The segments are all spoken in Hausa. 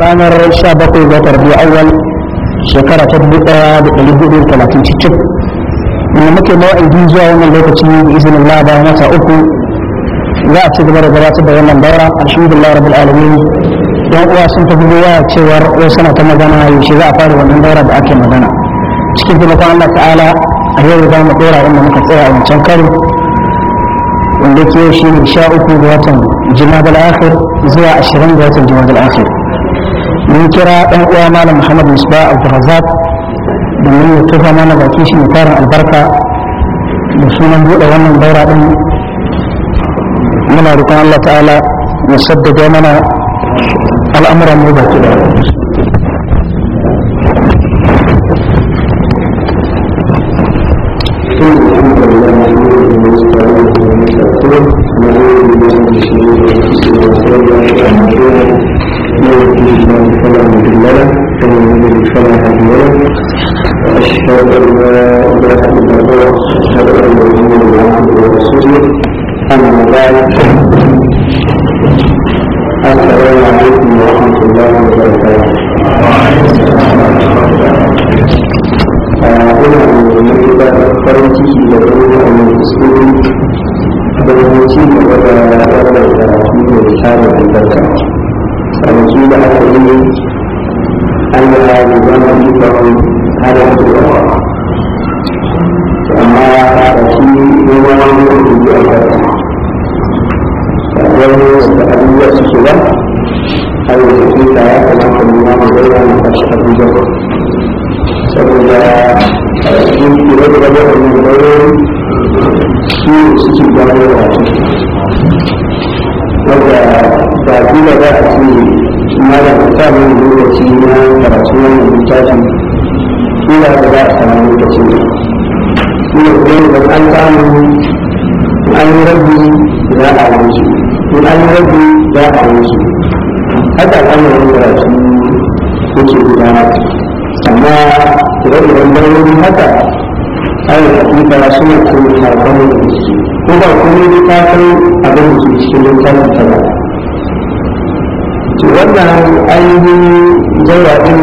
ranar 17 ga tarbi awal shekara ta 1430 cikin ne muke mawa'idi zuwa wannan lokaci da izinin Allah bayan wata uku za a ci gaba da gabatar da wannan daura alhamdulillah rabbil alamin yan uwa sun tafi waya cewar wasu na ta magana yaushe za a fara wannan daura da ake magana cikin taimakon Allah ta'ala a yau za mu dora wanda muka tsaya a wancan karo wanda ke shi ne sha uku ga watan jima'a da akhir zuwa ashirin ga watan jima'a da akhir mun kira ɗan uwa malam muhammad musba abdulrazak domin ya tufa mana baki shi mai tarin albarka da sunan buɗe wannan daura ɗin muna roƙon allah ta'ala ya saddada mana al'amuran mu baki da Thank you. الله فلا مضل له ومن يضلل فلا هادي له واشهد ان لا اله الا الله واشهد ان محمدا عبده ورسوله اما بعد السلام عليكم ورحمه الله وبركاته Ina da matuƙa farin ciki da ɗaukar wani kuskure da mutum da wadda ya ɗaukar da mutum da shari'a da barka. shi da aka yi Allah ya yi zama cikin kada su yawa amma a shi noma wani da ke a kasa wani da abubuwa su shiga a yau da ke ta ya kamata mu ma mu gaira na kashi abubuwa saboda a cikin kira da za a ce malam a sa lokaci na karatu wannan littafin kila da za a samu lokaci ne kuma idan da an samu an yi rabbi za a yi in an yi rabbi za a yi su haka al'amarin karatu yake gudana amma idan idan barnoni haka ayin hakika suna kuma harkar da suke ko ba kuma ta san abin da ke cikin littafin ta ba to wannan ainihin jawabin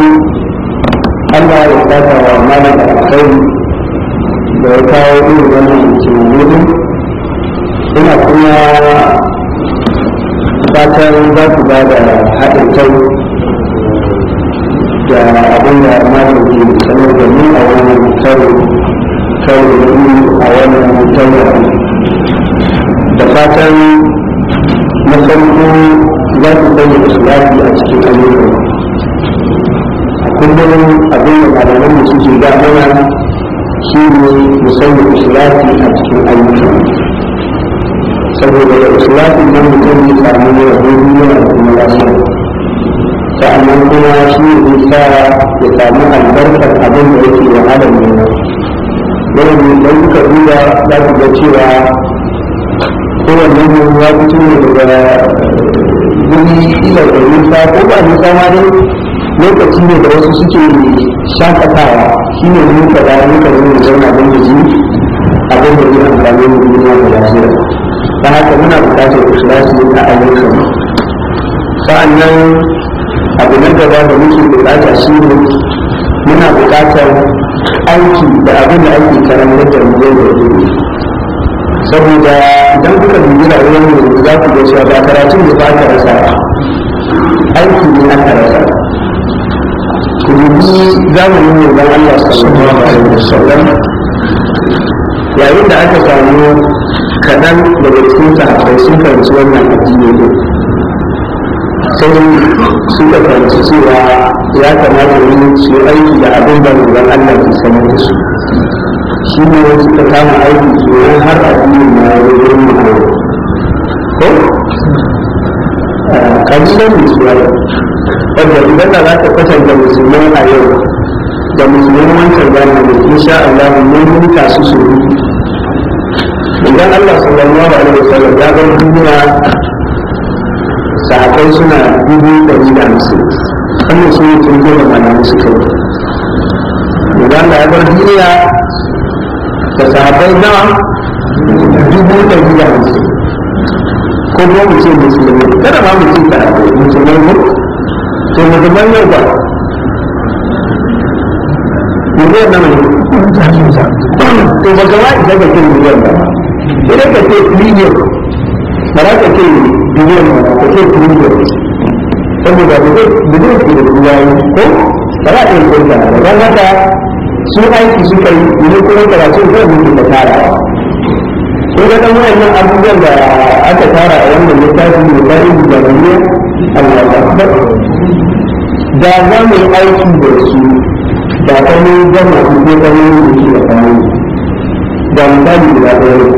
Allah ya saka wa malam alkhairi da ya kawo irin wannan tunanin ina kuma fatan za ku ba da haɗin kai da abin da malam ke sanar da ni a wannan karo karo a wannan taurari da fatan na farko za ku sanya islahi a cikin ayyukan a kullum abin da malaman mu suke ga mana shi ne mu sanya islahi a cikin ayyukan saboda da islahin nan mutum ya samu ne a duniya da kuma lafiya sa'annan kuma shi ne sa ya samu albarkar abin da yake wahalar nema yau ne don kuka duba za ku ga cewa kowannen mu ya fito ne daga guri kila da nisa ko ba nisa ma dai lokaci ne da wasu suke shakatawa shi ne muka da muka zo mu zauna don da ji abin da zai amfani mu duniya da lafiya ta haka muna buƙatar ikhlasi a ayyukan sa'annan abu na gaba da muke buƙata shi ne muna buƙatar aiki da abin da ake karantar da mu yau da gobe saboda idan kuka dubi wani mu za ku ga cewa ba karatun da ba ka rasa ba aiki ne na rasa ku dubi zamanin mu dan Allah sallallahu alaihi wasallam yayin da aka samu kaɗan daga cikin sahabbai sun karanci wannan addini ne sai ka karanci cewa ya kamata ne su aiki da abin da ruwan Allah ke sanar da su shi ne wasu ka kama aiki tsoron har a biyu na yawon ma'aikata ko? Eh, kabilan musulman wadda idan da za ka kwatanta musulman a yau da musulman wancan zamani insha Allah mun huta su su idan Allah sallallahu alaihi wasallam ya bar duniya sahabbai suna dubu ɗari da hamsin wannan su tun goma mana musu kai idan da ya bar duniya da sahabbai nawa dubu ɗari da hamsin ko kuma mu ce musulmi kada ma mu ce sahabbai musulmai mu to musulman yau ba miliyan na mai to ba gaba isa ka ce miliyan ba idan ka ce miliyan ba za ka ce miliyan ba ka ce miliyan saboda ba zai da ruwa ko ba za ka yi ko ba za ka su aiki suka yi ne kuma karatu zai mutu da tara. sun da ɗan wayannan abubuwan da aka tara a wannan littafi da bayi da zaniya Allah akbar da za mu aiki da su da kuma gama su ko kuma da su da kuma da misali da ɗaya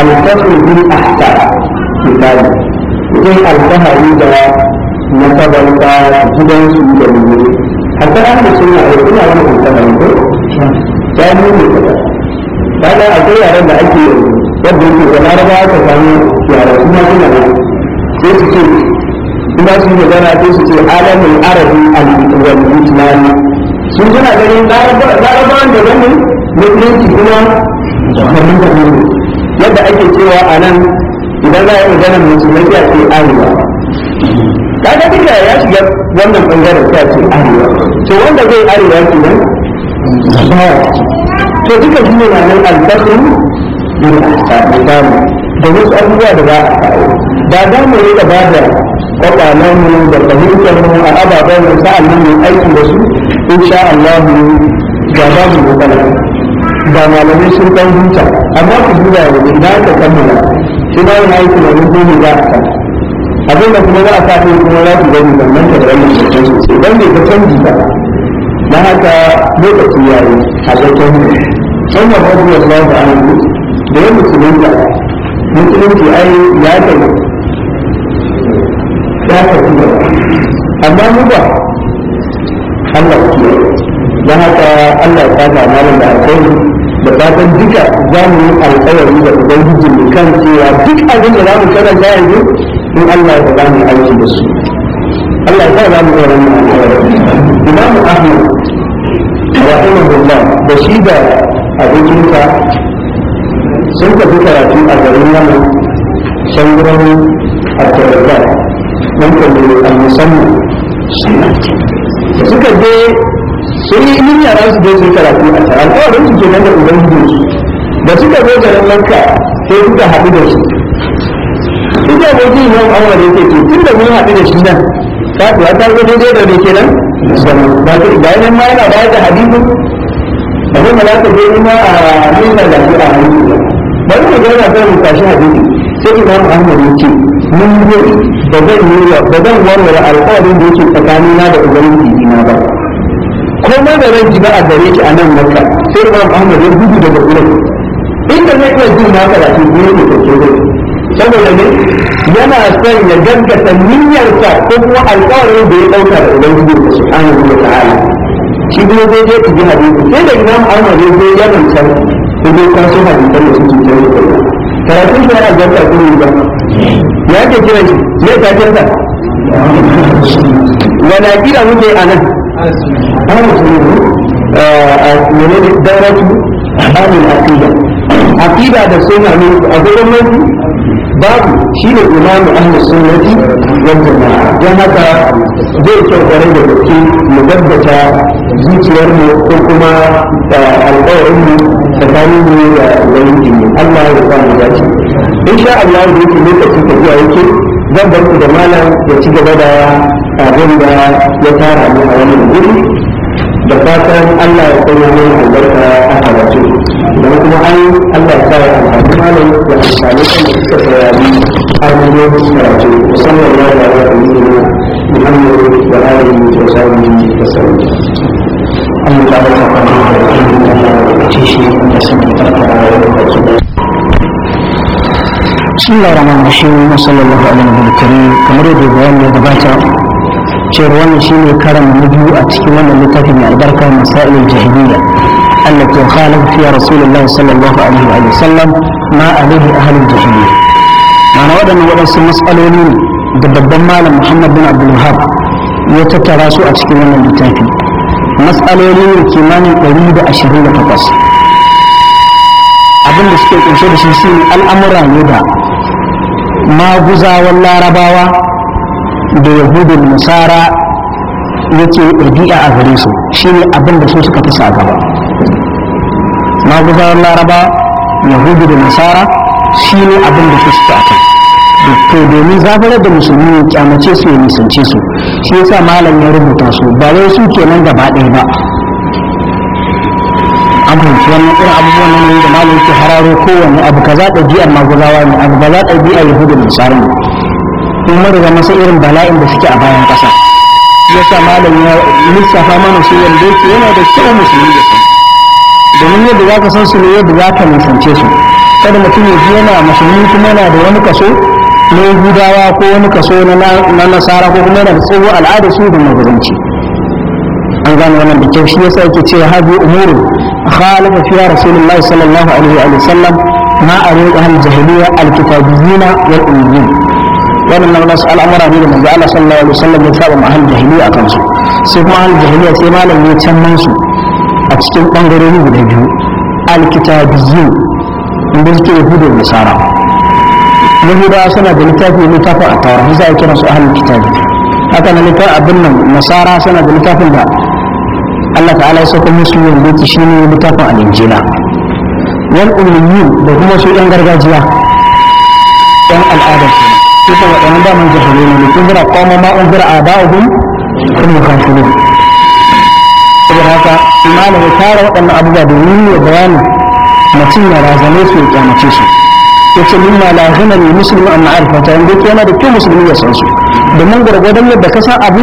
alfasu bil ahsa misali sai alfahari da nasabar da gidansu da mu hatta ana suna da suna wani da ko shanu ne kaza kaga akwai yaran da ake wanda yake da laraba aka samu yaran su ma suna nan sai su ce kuma su magana sai su ce alamin arabi al-wal islami sun suna ganin larabawan da wani musulunci kuma daban daban yadda ake cewa a nan idan za a yi magana musulunci a ce arewa kaga duka ya shiga wannan bangaren ta ce arewa to wanda zai arewa kenan to duka shi ne nan albasu bin ahsan damu da wasu abubuwa da za a kawo da mu rika ba da kwakwalen mu da fahimtar mu a ababen mu sa'an nan mu aiki da su insha Allah ga ba mu kokana ba malamai sun kan huta amma ku duba yanzu idan aka kammala shi ba yana aiki da rubuni za a kawo abin da kuma za a sa kuma za ku gani ban nan da ranar sosai don bai ka canji ba da haka lokaci ya yi a zaton mu an yi wasu wasu wasu an yi da ya musulunta musulunci ai ya tafi ya tafi da amma mu ba Allah ke da haka Allah ya saka malam da alƙawari da fatan duka za mu yi alƙawari da ubangiji mu kan cewa duk abin da za mu karanta yanzu in Allah ya ba mu aiki da su Allah ya sa za mu yi wannan alƙawari Imam Ahmad rahimahullah da shi da ta sun tafi karatu a garin yamu shanguran abdulrazak mun kalli al ta da suka je sun yi ilimin yara su je su karatu a da da suka zo garin lanka sai suka haɗu da su duk abokin yau an wani yake ce tun da mun haɗu da shi nan ta ta zo daidai da ne kenan Ba ga yanin ma yana bayar da hadisi abin da za ka je ma a nuna da shi a hannu hadisi bari mu zauna sai mu tashi hadisi sai imam ahmad ya ce mun gode ba zan yi wa ba zan warware alƙawarin da yake tsakanina da ubangiji ina ba komai da ran ba a gare ki a nan makka sai imam ahmad ya gudu daga wurin inda zai iya jin na karatu ne ne da ke saboda ne yana son ya gaggata niyyarsa ko kuma alƙawarin da ya ɗauka da ubangiji kuma ta ta'ala shi kuma zai je ku ji hadisi sai da imam ahmad ne ko ya rantsar ko zai kwaso su hadisan da suke jira da karatun shi yana gaggata ko ne ba ya ke kira shi zai ta kirta wala kira muke a nan a musulmi eh, a menene dauratu amin aqida aqida da sunna ne a gurin mai babu shine imamu ahli sunnati wal jamaa dan haka zai gare da gaske mu gaddata zuciyar mu ko kuma ah, alƙawarin mu tsakanin mu da wani jini, Allah ya sa mu dace insha Allah da yake lokacin tafiya yake zan bar da malam ya ci gaba da abin da ya tara mu a wannan guri da fatan Allah ya sanya da albarka a halarci don kuma an Allah ya sa ya amfani malam da amfani kan da suka saurari abubuwan karatu musamman ya da ya kuma Muhammadu da alihi da sahbihi da sahbihi Allah ta ba ta kama da ilimi da ya shi da sanin karkara da lokaci da الله الرحمن الرحيم وصلى الله على النبي الكريم كما يريد cewar wannan shi ne karan na biyu a cikin wannan littafi mai albarka masailul jahiliya allati khalaq fiya rasulullahi sallallahu alaihi wa sallam ma alaihi ahlul jahiliya ma'ana waɗannan waɗansu matsaloli ne da babban malam muhammad bin abdul wahab ya tattara su a cikin wannan littafi matsaloli ne kimanin ɗari da ashirin da takwas abin da suke ƙunshe da shi shi al'amura ne da maguzawan larabawa da yahudun nasara ya ce ɗabi'a a gare su ne abin da su suka fi sa gaba maguzawan laraba yahudu da nasara ne abin da su suka akai to domin zafarar da musulmi ya kyamace su ya nisance su shi yasa malam ya rubuta su ba wai su nan gaba ɗaya ba an fahimci wannan irin abubuwan nan da malam yake hararo kowane abu kaza ɗabi'ar maguzawa ne abu ba kaza ɗabi'ar yahudu da nasara ne kuma daga masa irin bala'in da suke a bayan ƙasa sa malam ya lissafa mana su wanda yake yana da kyau musulmi da san domin yadda za ka san su ne yadda za ka nisance su kada mutum ya ji yana musulmi kuma yana da wani kaso na gudawa ko wani kaso na nasara ko kuma yana da tsoho al'ada su da magazanci an gano wannan da kyau shi ya sa yake ce hadu umuru khalafa fiya rasulullahi sallallahu alaihi wa sallam ma a riƙa hal jahiliya alkitabiyina wal waɗannan wasu al'amura ne da manzo Allah sallallahu alaihi wasallam ya saba mahal jahiliya akan su sai kuma al jahiliya sai malam ya canman su a cikin bangarori guda biyu alkitabiyyin inda suke yahudu da nasara yahudawa suna da littafi littafin a tawar shi za a kira su ahlul kitabi haka na littafin abin nan nasara suna da littafin da Allah ta'ala ya saka musu wanda shi ne littafin al-injila wal ummiyyin da kuma su yan gargajiya yan al'adar kenan suka waɗannan daman jahilai ne mutum zira kwamo ma an zira aba'uhum kun yi kansulun saboda haka malam ya tara waɗannan abubuwa domin ya bayani mutum ya razane su ya kyamace su ya ce min ma lazima ne musulmi an ma'arifa ta yanzu yana da kyau musulmi ya san su domin gwargwadon yadda ka san abu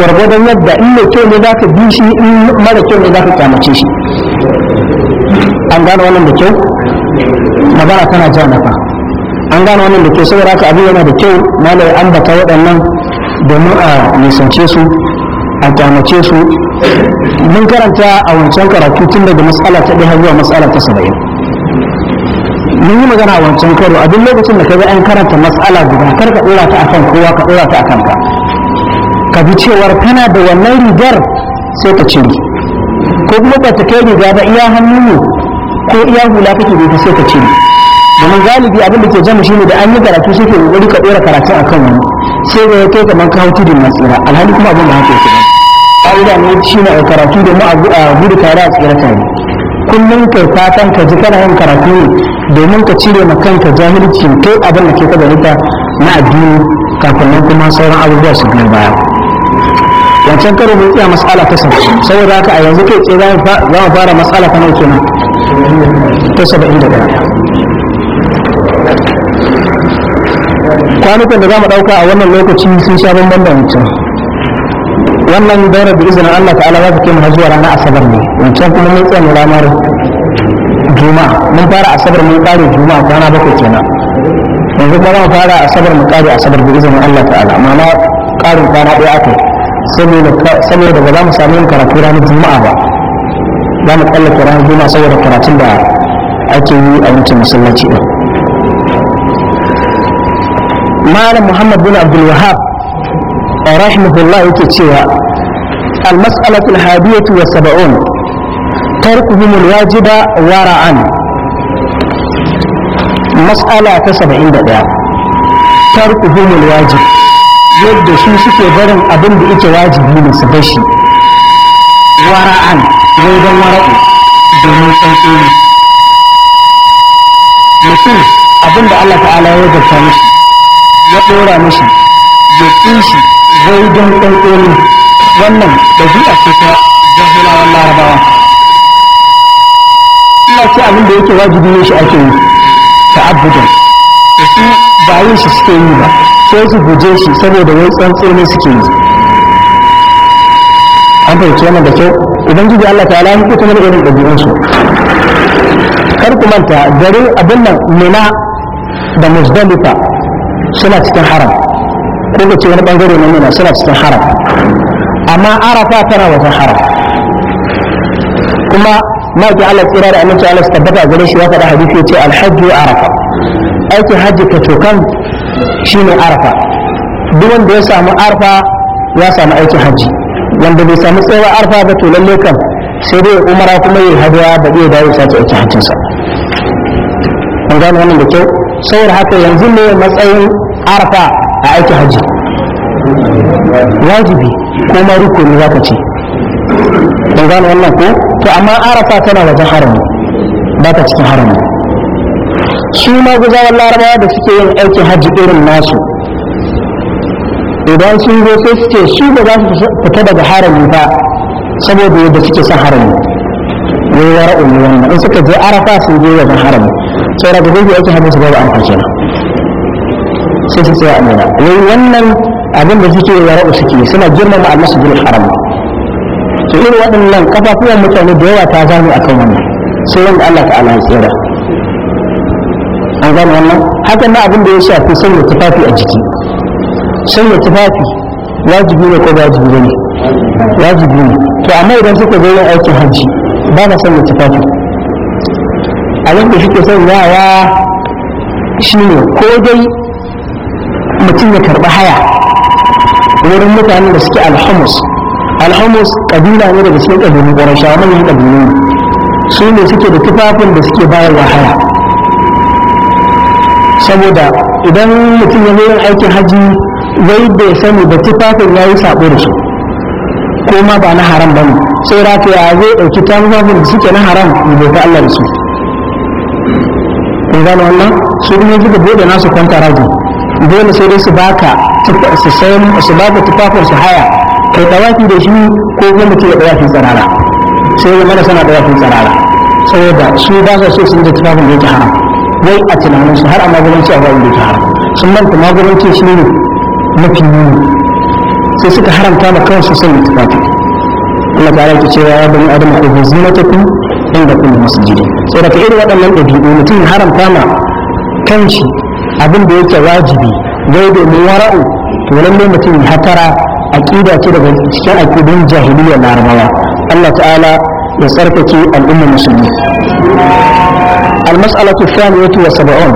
gwargwadon yadda in mai kyau ne za ka bi shi in mara kyau ne za ka kyamace shi an gane wannan da kyau magana tana ja fa gane wannan da ke saboda haka abu yana da kyau malai bata waɗannan domin a nisance su a kyamace su mun karanta a wancan karatu tun daga matsala ta ɗaya zuwa matsala ta saba'in mun yi magana a wancan karo a duk lokacin da ka ga an karanta matsala guda kar ka ɗora ta akan kowa ka ɗora ta akan ka ka bi cewar kana da wannan rigar sai ka cire ko kuma ba ta kai riga ba iya hannu ne ko iya hula kake da sai ka cire domin galibi abin da ke jami shine da an yi karatu sai ke kokari ka dora karatu kan wani sai da ya kai kamar kawo tudun matsira alhali kuma abin da haka ya yake ƙa'ida ne shi ne karatu da mu a gudu tare a tsira tare kullum kai fatan ka ji kana yin karatu ne domin ka cire ma kanka jahilci kai abin da ke ka garita na addini kafin nan kuma sauran abubuwa su biyo baya wancan karo mun tsaya mas'ala ta sabu saboda haka a yanzu kai tsaye za mu fara mas'ala ta nauke nan ta saba'in da daya kwanukan da za mu ɗauka a wannan lokaci sun sha bambam da wancan wannan daura da izinin Allah ta'ala za ta kai mu har zuwa ranar asabar ne wancan kuma mun tsaya ranar juma mun fara asabar mun ƙare juma kwana bakwai kenan yanzu kuma mu fara asabar mu ƙare asabar da izinin Allah ta'ala ma'ana ƙarin kwana ɗaya aka saboda ba za mu samu yin karatu ranar juma'a ba za mu tsallake ranar juma'a saboda karatun da ake yi a wancan masallaci ɗin malam muhammad bin Abdulwahab, wahab rahimahullah yake cewa Hadiyatu wa saba'un, المسألة الهادية والسبعون تركهم الواجب ورعا مسألة تسبعين دقيقة تركهم wajib, yadda su suke barin abin da yake wajibi ne su bashi wara'an wai don wara'u domin sauƙi ne mutum abin da Allah ta'ala ya zarta mishi ya ɗora mashi ya ƙi zai don ɗanɗano wannan da zuwa ce ta jahilawan larabawa ina ce abin da yake wajibi ne shi ake yi ta'abbudan da su bayan su suke yi ba sai su guje shi saboda wai tsantsi ne suke yi an fahimci wannan da kyau Idan ubangiji allah ta'ala ya mutu mara irin ɗabi'unsu kar ku manta garin abin nan mina da musdalifa suna cikin haram ko ka ce wani bangare na nuna suna cikin haram amma arafa tana wajen haram kuma ma ki Allah tsira da aminci Allah tabbata gare shi ya faɗa hadisi yace alhajju arafa aikin hajji ka tokan shine arafa duk wanda ya samu arafa ya samu aikin hajji wanda bai samu tsayawa arafa ba to lalle kan sai dai umara kuma yi hadiya ba zai dawo sace aikin hajjinsa an gane wannan da kyau saboda haka yanzu ne matsayin arafa a aiki hajji wajibi ko ma rukuni za ka ce ban gane wannan ko to amma arafa tana wajen harami ba ta cikin harami su ma guzawan larabawa da suke yin aiki hajji irin nasu idan sun zo sai suke su ba za su fita daga harami ba saboda yadda suke son harami ne ya ra'u ne wannan in suka je arafa sun zo wajen harami sai zai yi aiki hajji su ba amfani kenan sai su tsaya amina wai wannan abin da suke yarau suke suna girma girmama almasjidul haram to irin waɗannan kafafuwan mutane da yawa ta zame akan wannan sai wanda Allah ta'ala ya tsira an gano wannan hakan na abin da ya shafi sanya tufafi a jiki sanya tufafi wajibi ne ko wajibi ne wajibi ne to amma idan suka zo yin aikin hajji ba na sanya tufafi abin da suke sanyawa shi ne ko dai mutum ya karɓi haya wurin mutanen da suke alhamus alhamus ƙabila ne daga cikin ƙabilu ƙwarashawa manyan ƙabilu su ne suke da tufafin da suke bayarwa haya saboda idan mutum ya yin aikin haji zai bai sani da tufafin ya yi saɓo da su kuma ba na haram ba ne sai rataya zai ɗauki tufafin da suke na haram da bai Allah da su kun gano wannan su ne suka bude nasu kwanta rajin dole sai dai su baka su sayan su baka tufafin su haya kai tawafi da shi ko kuma mutum ya tawafin tsarara sai ya mana sana tawafin tsarara saboda su ba sa so sun da tufafin da yake haram wai a tunanin su har a magudanci a bayan da yake haram sun manta magudanci shi ne mafi nuni sai suka haramta ma kansu sanya tufafin Allah ta rage cewa ya bani adam ko zinatakum inda kullu masjidin saboda ka irin waɗannan ɗabi'u mutum haramta ma kanshi abin da yake wajibi wai domin wara'u to nan ne mutum ya hatara aqida ce daga cikin aqidun jahiliyyar larabawa Allah ta'ala ya tsarkake al'umma musulmi المسألة الثانية وسبعون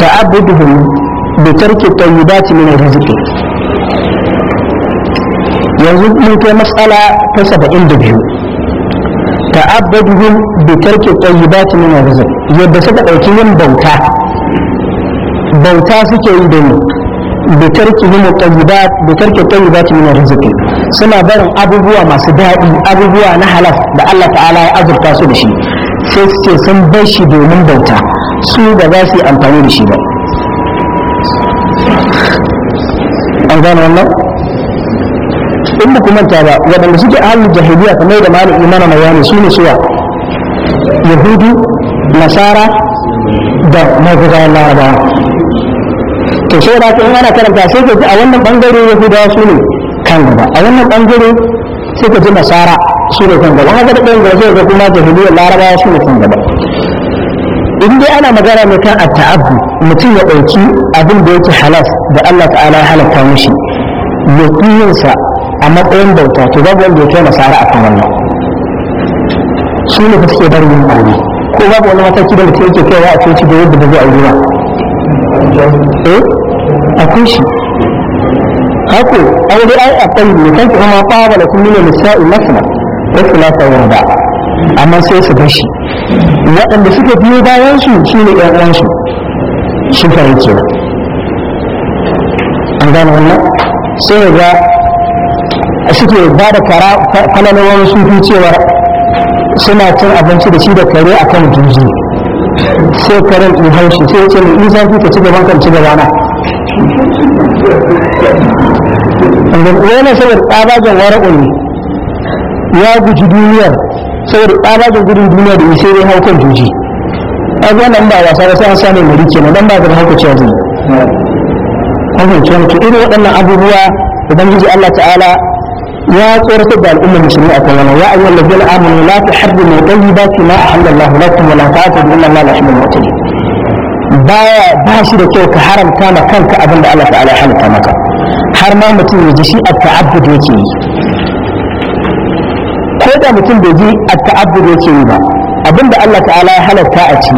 تعبدهم بترك الطيبات من الرزق yanzu mun kai matsala ta saba'in ta'abbaduhum bi tarki tayyibati min ar yadda suka dauki yin bauta bauta suke yi da ni bi tarki min tayyibat bi tarki min suna barin abubuwa masu daɗi abubuwa na halal da Allah ta'ala ya azurta su da shi sai suke sun bar shi domin bauta su ba za su yi amfani da shi ba an gane wannan in ba ku manta ba waɗanda suke ahalin jahiliya kamar da malam imana mayani su ne suwa yahudu nasara da magudawa laraba to sai da in ana karanta sai ka ji a wannan bangare yahudawa su ne kan gaba a wannan bangare sai ka ji nasara su ne kan gaba haka da ɗayan gaba sai ka kuma jahiliya larabawa su ne kan gaba in dai ana magana ne kan ta'abbu mutum ya ɗauki abin da yake halas da Allah ta'ala ya halatta mishi ya kiyinsa a matsayin bauta to babu wanda ya kai nasara a kan wannan su ne suke bari yin aure ko babu wani mataki da mutum yake kaiwa a coci da yadda ba zai aure ba eh akwai shi hako aure ai a kai ne kanki kuma qaba lakum min nisa'i masna wa thulatha wa ba amma sai su bar shi waɗanda suka biyo bayan su su ne ƴan uwan su su fahimci an gane wannan sai ga suke ba da kara falalawar sufi cewar suna cin abinci da shi da kare a kan juji sai karen in haushi sai ce in zafi ka ci gaban kan ci gaba na wani saboda tsabagen wara'un ya guji duniyar saboda tsabagen gudun duniya da isai dai haukan juji a wannan ba wasa ba sai an sani mai rike dan ba zai hauka cewa zai kwanci wani irin waɗannan abubuwa ubangiji allah ta'ala ya tsoratar da al'ummar musulmi a kan wannan ya ayyuhal ladzina amanu la tuharrimu tayyibati ma ahallallahu lakum wa la ta'tadu inna allaha la yuhibbul mu'tadin baya ba shi da kyau ka haramta ma kanka abin da Allah ta'ala halitta maka har ma mutum ya ji shi a ta'abbud yake yi ko da mutum bai ji a ta'abbud yake yi ba abin da Allah ta'ala ya halatta a ci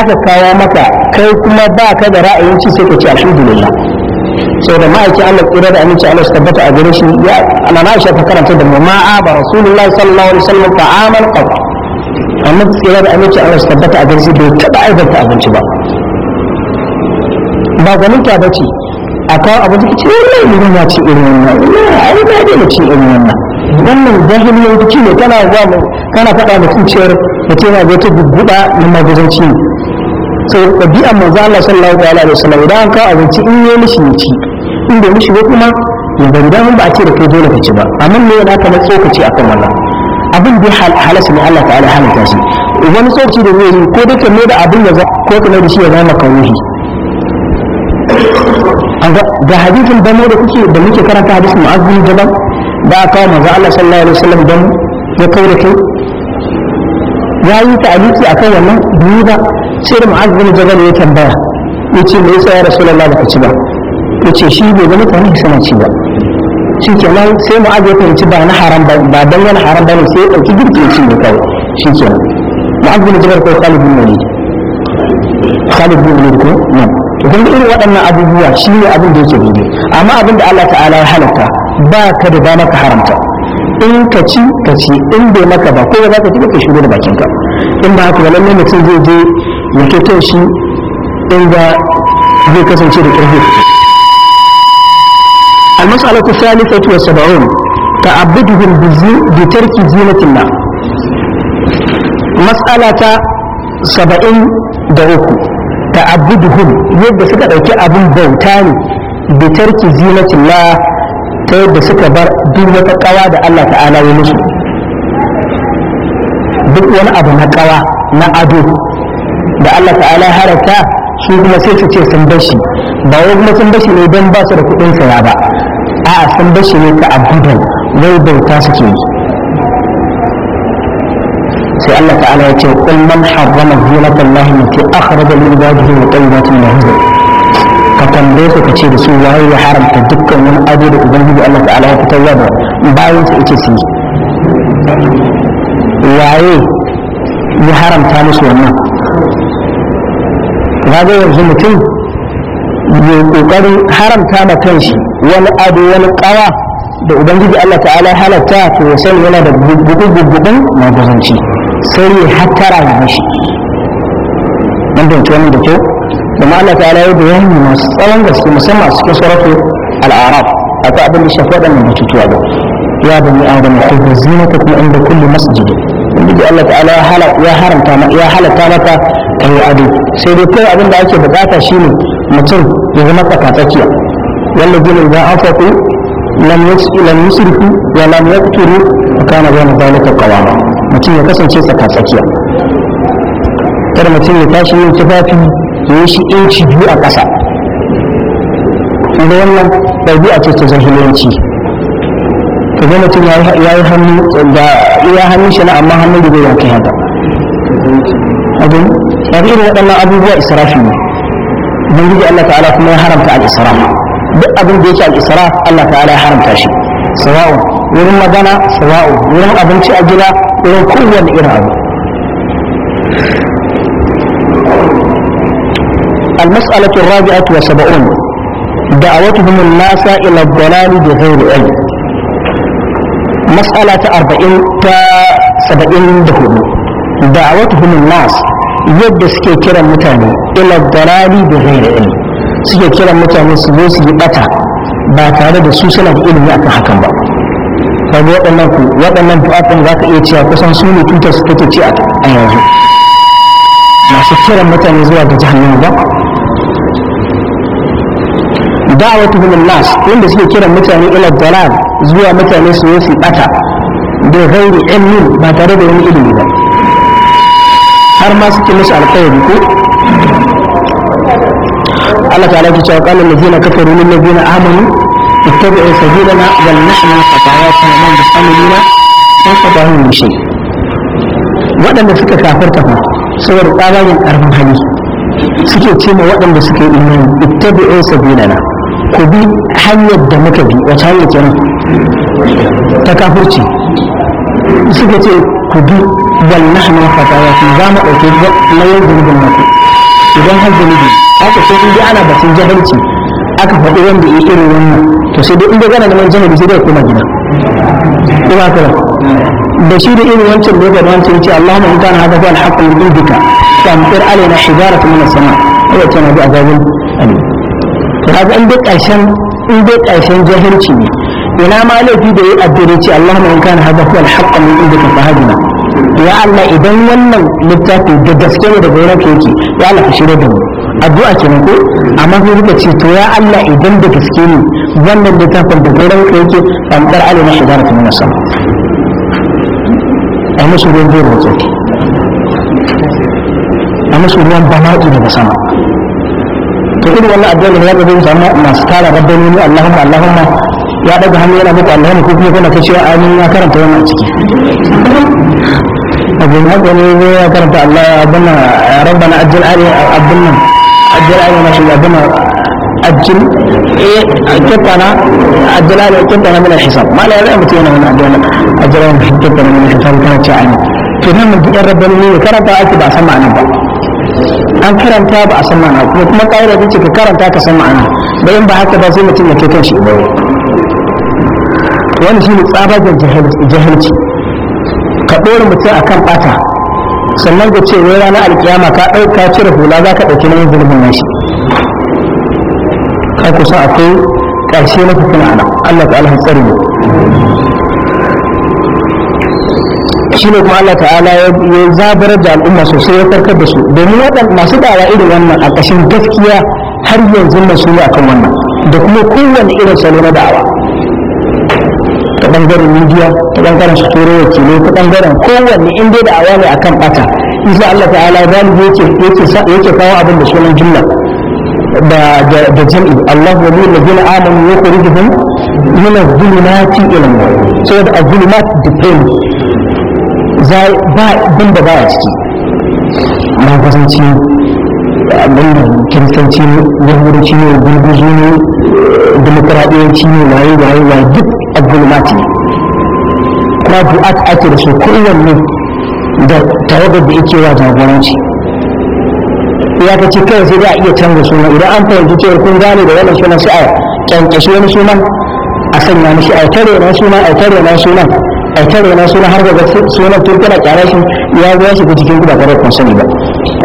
aka kawo maka kai kuma ba ka da ra'ayin ci sai ka ci alhamdulillah Sau da ma'aiki Allah tsira da aminci Allah su tabbata a gare shi ya ana na shi ta karanta da ma'a ba rasulullahi sallallahu alaihi wasallam amal amma tsira da aminci Allah su tabbata a gare shi bai taba aibanta abinci ba ba ganin ta bace a kawo abinci ki ce ya ci irin wannan ai ba da ci irin wannan wannan jahiliyanci ne kana zuwa mu kana da ta na sai manzo Allah sallallahu alaihi an kawo abinci in yi mishi ci in ya mishi ba kuma ya bari daman ba a ce da kai dole ka ci ba amma me yana ka tsokaci akan wannan abin bai halasa ne Allah ta'ala halatta shi wani tsokaci da zai yi ko da mai da abin da za ko kuma da shi ya zama kan kawuhi ga hadisin damo da kuke da muke karanta hadisin mu'azzin jabal da aka kawo manzo Allah sallallahu alaihi wasallam dan ya kai da kai ya yi ta'aliki akan wannan biyu ba sai da mu'azzin jabal ya tambaya yace me yasa ya rasulullahi baka ci ba ya ce shi bai ga mutane suna ci ba shi nan sai mu aje fahimci ba na haram ba ba don yana haram ba ne sai ya ɗauki girki ci ne kawai shi nan ma bin ne jimar khalid bin ne ne bin ne ko nan to kuma irin waɗannan abubuwa shi ne abin da yake daidai amma abin da Allah ta'ala ya halatta ba ka da dama ka haramta in ka ci ka ci in bai maka ba ko za ka ci ka shigo da bakin ka in ba haka lalle mutum zai je ya keto shi in ga zai kasance da ƙarfi المسألة الثالثة والسبعون تعبده بترك زينة الله مسألة سبعين دوكو تعبدهم يبدا سكا دوكي أبن بوتاني بترك زينة الله تيبدا سكا بر دولة قواد الله تعالى ومسو duk wani abu na kawa na ado da Allah ta'ala harata su kuma sai su ce sun bashi ba wani kuma sun bashi ne don ba su da kuɗin saya ba a'a sun bashi ne ta abudan wai bauta suke yi sai Allah ta'ala ya ce kul man harrama zinatan Allah allati akhraja lil ibadihi wa tayyibatin min rizq ka tambaye su ka ce da su waye ya haramta dukkan wani abu da ubangiji Allah ta'ala ya fitar da bayan su ce su waye ya haramta musu wannan kaga yanzu mutum ya kokarin haramta ma kanshi wani ado wani kawa da ubangiji Allah ta'ala halatta to ya sani yana da gugugugugun maguzanci sai ya hattara ya mashi mun da tuwani da kyau kuma Allah ta'ala ya bayani masu tsawon gaske musamman a cikin suratu al-araf akwai abin da shafi waɗannan batutuwa ba ya bani adam khudhu zinatakum inda kulli masjid ubangiji Allah ta'ala ya haramta ya halatta maka kai ado sai dai kai abin da ake bukata shine mutum ya zama tsakatsakiya wanda gina za a faɗi lam yusrifu wa lam yaqturu wa kana bayna zalika qawama mutum ya kasance tsakatsakiya kada mutum ya tashi yin tufafi ya yi shi inci biyu a ƙasa inda wannan ɗabi'a ce ta zahilanci ka ga mutum ya yi hannu da iya hannun shi na amma hannun da zai yanke haka abin irin waɗannan abubuwa israfi ne ubangiji Allah ta'ala kuma ya haramta al-israf duk abin da yake al-israf Allah ta'ala ya haramta shi sawa'u wurin magana sawa'u wurin abinci a gida wurin kowanne irin abu المسألة الرابعة وسبعون دعوتهم الناس إلى الضلال بغير علم مسألة أربعين تا سبعين دهون دعوتهم الناس yadda suke kiran mutane ila dalali da ghairi ilmi suke kiran mutane su zo su yi bata ba tare da su suna da ilimi akan hakan ba kaga waɗannan ku waɗannan fu'atan za ka iya cewa kusan su ne tutar su take ci a yanzu masu kiran mutane zuwa ga jahannama ba da'awatu an-nas inda suke kiran mutane ila dalal zuwa mutane su yi su bata da ghairi ilmi ba tare da wani ilimi ba har ma suke musu alkhairi ko Allah ta'ala ke cewa qala allazina kafaru min ladina amanu ittabi'u sabilana wal nahnu qatayatuna man bisamirina fa qadahu min shay waɗanda suka kafarta fa saboda tsabagen ƙarfin hali suke ce ma waɗanda suke imani ittabi'u sabilana ku bi hanyar da muka bi wata hanyar kenan ta kafirci suka ce ku bi wal nahnu khatayati za mu dauke nauyin zunubin mutum idan har zunubi aka ce in dai ana batun jahilci aka faɗi wanda ya irin wannan to sai dai in dai gana neman jahili sai dai koma gida ina kira da shi da irin wancan da ya gaba wancan yace Allahumma in kana hadha huwa al-haqqu min indika famtir alaina hijaratan min as-sama wa tana bi azabin alim to haka in dai ƙarshen in dai ƙarshen jahilci ne ina ma laifi da ya addare ce Allahumma in kana hadha huwa al-haqq min indika fahadina ya Allah idan wannan littafi da gaske ne da gauran ke yake ya Allah ka shirya da mu addu'a kenan ko amma sai suka ce to ya Allah idan da gaske ne wannan littafin da gauran ke yake an dar alima hidaratu min as-sama a musu ruwan zai rotsa a musu ruwan bala'i daga sama to irin wannan addu'a da ya ga zai samu masu tara rabbanoni Allahumma Allahumma ya daga hannu yana muku Allah ko kuma kuna ta cewa amin ya karanta wannan a ciki abin haka ne ya karanta Allah abin nan rabbana ajjal ali abin nan ajjal ali ma shi abin nan ajjal eh kitana ajjal ali kitana min al-hisab ma la ya mutu yana wannan addu'a ajjal ali kitana min al-hisab kana ce amin to nan mun gidan rabbani ne karanta ake ba san ma'ana ba an karanta ba a san ma'ana kuma kuma ƙa'ida ta ce ka karanta ka san ma'ana bayan ba haka ba sai mutum ya kai kanshi ba wani shi ne tsabagen jahilci ka ɗora mutum kan ɓata sannan da ce wai ranar alkiyama ka ɗauka cire hula za ka ɗauki nan zulmin nan shi ka kusa akwai ƙarshe na fitina ana Allah ta alhan tsari ne shi ne kuma Allah ta'ala ya zabar da al'umma sosai ya farkar da su domin waɗanda masu ɗawa irin wannan a ƙashin gaskiya har yanzu masu yi akan wannan da kuma kowane irin salo na da'awa bangaren media ta bangaren su turo wakilai ta bangaren kowanne in dai da awali kan bata isa Allah ta'ala galibi yake ya ke kawo abin da sunan jumla da da jami'i Allah wa na ladina amanu yukhrijuhum min adh yana ila an-nur saboda adh-dhulumat depend zai ba bin da ba a ciki na kasance abin da kiristanci ne wurin ne gurgurci ne demokradiyanci ne waye waye waye duk zulmati aka ake da su kowanne da tawagar da yake wa jagoranci ya ka ce kai sai dai a iya canza suna idan an fahimci cewa kun gane da wannan sunan sai a kyankyashi wani sunan a sanya mishi a tare na suna a tare na suna a tare na suna har ga sunan tun kana kyara shi ya zo ya shiga cikin guda da kun sani ba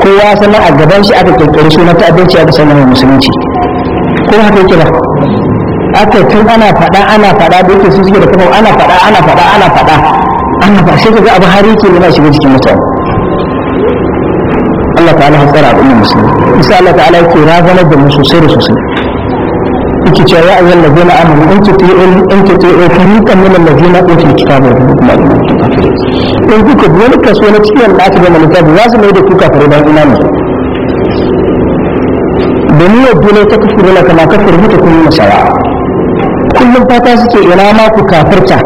kowa sannan a gaban shi aka kirkiri sunan ta abinci aka sanya musulunci ko haka yake ba aka tun ana faɗa ana faɗa da yake su suke da kafin ana faɗa ana faɗa ana faɗa ana faɗa sai ka ga abu hari yake nuna ba shiga cikin mutane Allah ta'ala hatsara al'ummar musulmi isa Allah ta'ala yake razanar da mu sosai da sosai yake cewa ya ayyuhal ladina amanu in tuti'u in tuti'u fariqan min alladina utul kitaba in kuka bi wani kaso na cikin al'ata da malaka za su mai da kuka fare da imani domin yadda ne ta kafiruna kama kafir mutu kuma masawa kullum fata suke ina ma ku kafarta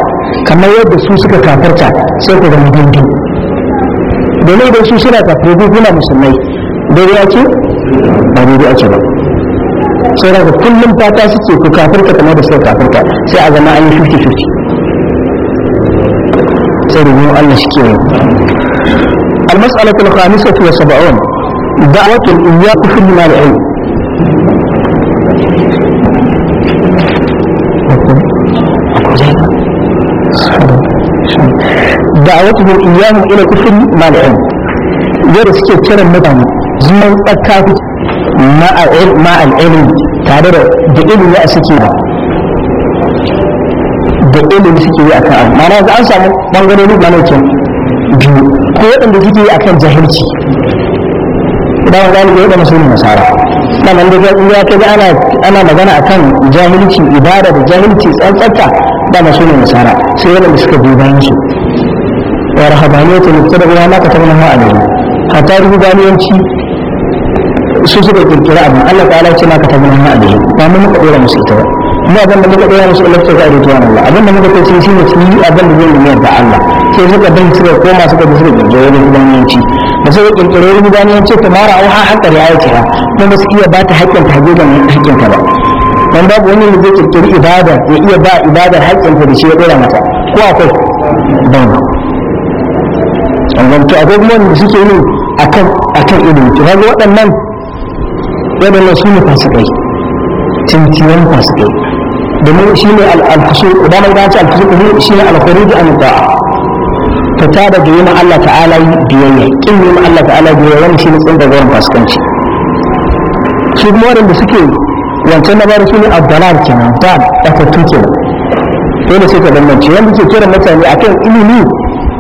kamar yadda su suka kafarta sai ku zama daidai domin da su suna kafirai kuna musulmai ya ce ba daidai ce ba sai daga kullum fata suke ku kafarta kamar da suka kafarta sai a zama an yi shuki shuki sai da Allah shi ke المسألة الخامسة والسبعون دعوة إياك في المال العلم da'awatuhum iyyahum ila kufrin mal'un yadda suke kiran mutane zuwan tsakka ma al'ilm tare da da ilimi a suke ba da ilimi suke yi akan abu ma'ana an samu bangarori ba nake biyu ko waɗanda suke yi akan jahilci idan wani ya waɗanda su ne masara sannan da ya kai ana ana magana akan jahilci ibada da jahilci tsantsanta da masu ne nasara sai waɗanda suka bi bayan su ورهبانية مبتدأ ما كتبناه عليهم حتى رهبانية su suka kirkira abin Allah ta'ala ce ma ka tabi na ma'adi ba mu muka dora musu ita ba mu abin da muka dora musu Allah ta ga rutuwan Allah abin da muka kai sun shi ne su yi abin da zai yi da Allah sai suka bin suka koma suka bi suka kirkira wani gudananci da suka kirkira wani gudananci ta mara auha haƙa riayati ha kuma ba su iya ba ta haƙƙin ta haƙƙin haƙƙin ta ba dan babu wani da zai kirkiri ibada ya iya ba ibada haƙƙin ta da shi ya dora mata ko akwai ban an to akwai kuma wanda suke yi akan akan ilimi to kaga waɗannan waɗannan su ne fasikai tintiyan fasikai domin shi ne al'alfashi idan an gaci alfashi kuma shi ne yi ma Allah ta'ala biyayya kin yi ma Allah ta'ala biyayya wani shi ne tsinda gwamnan fasikanci shi kuma waɗanda suke wancan na bari su ne abdalar kenan ta ɓatattu kenan dole sai ka bambance wanda ke kira mutane akan ilimi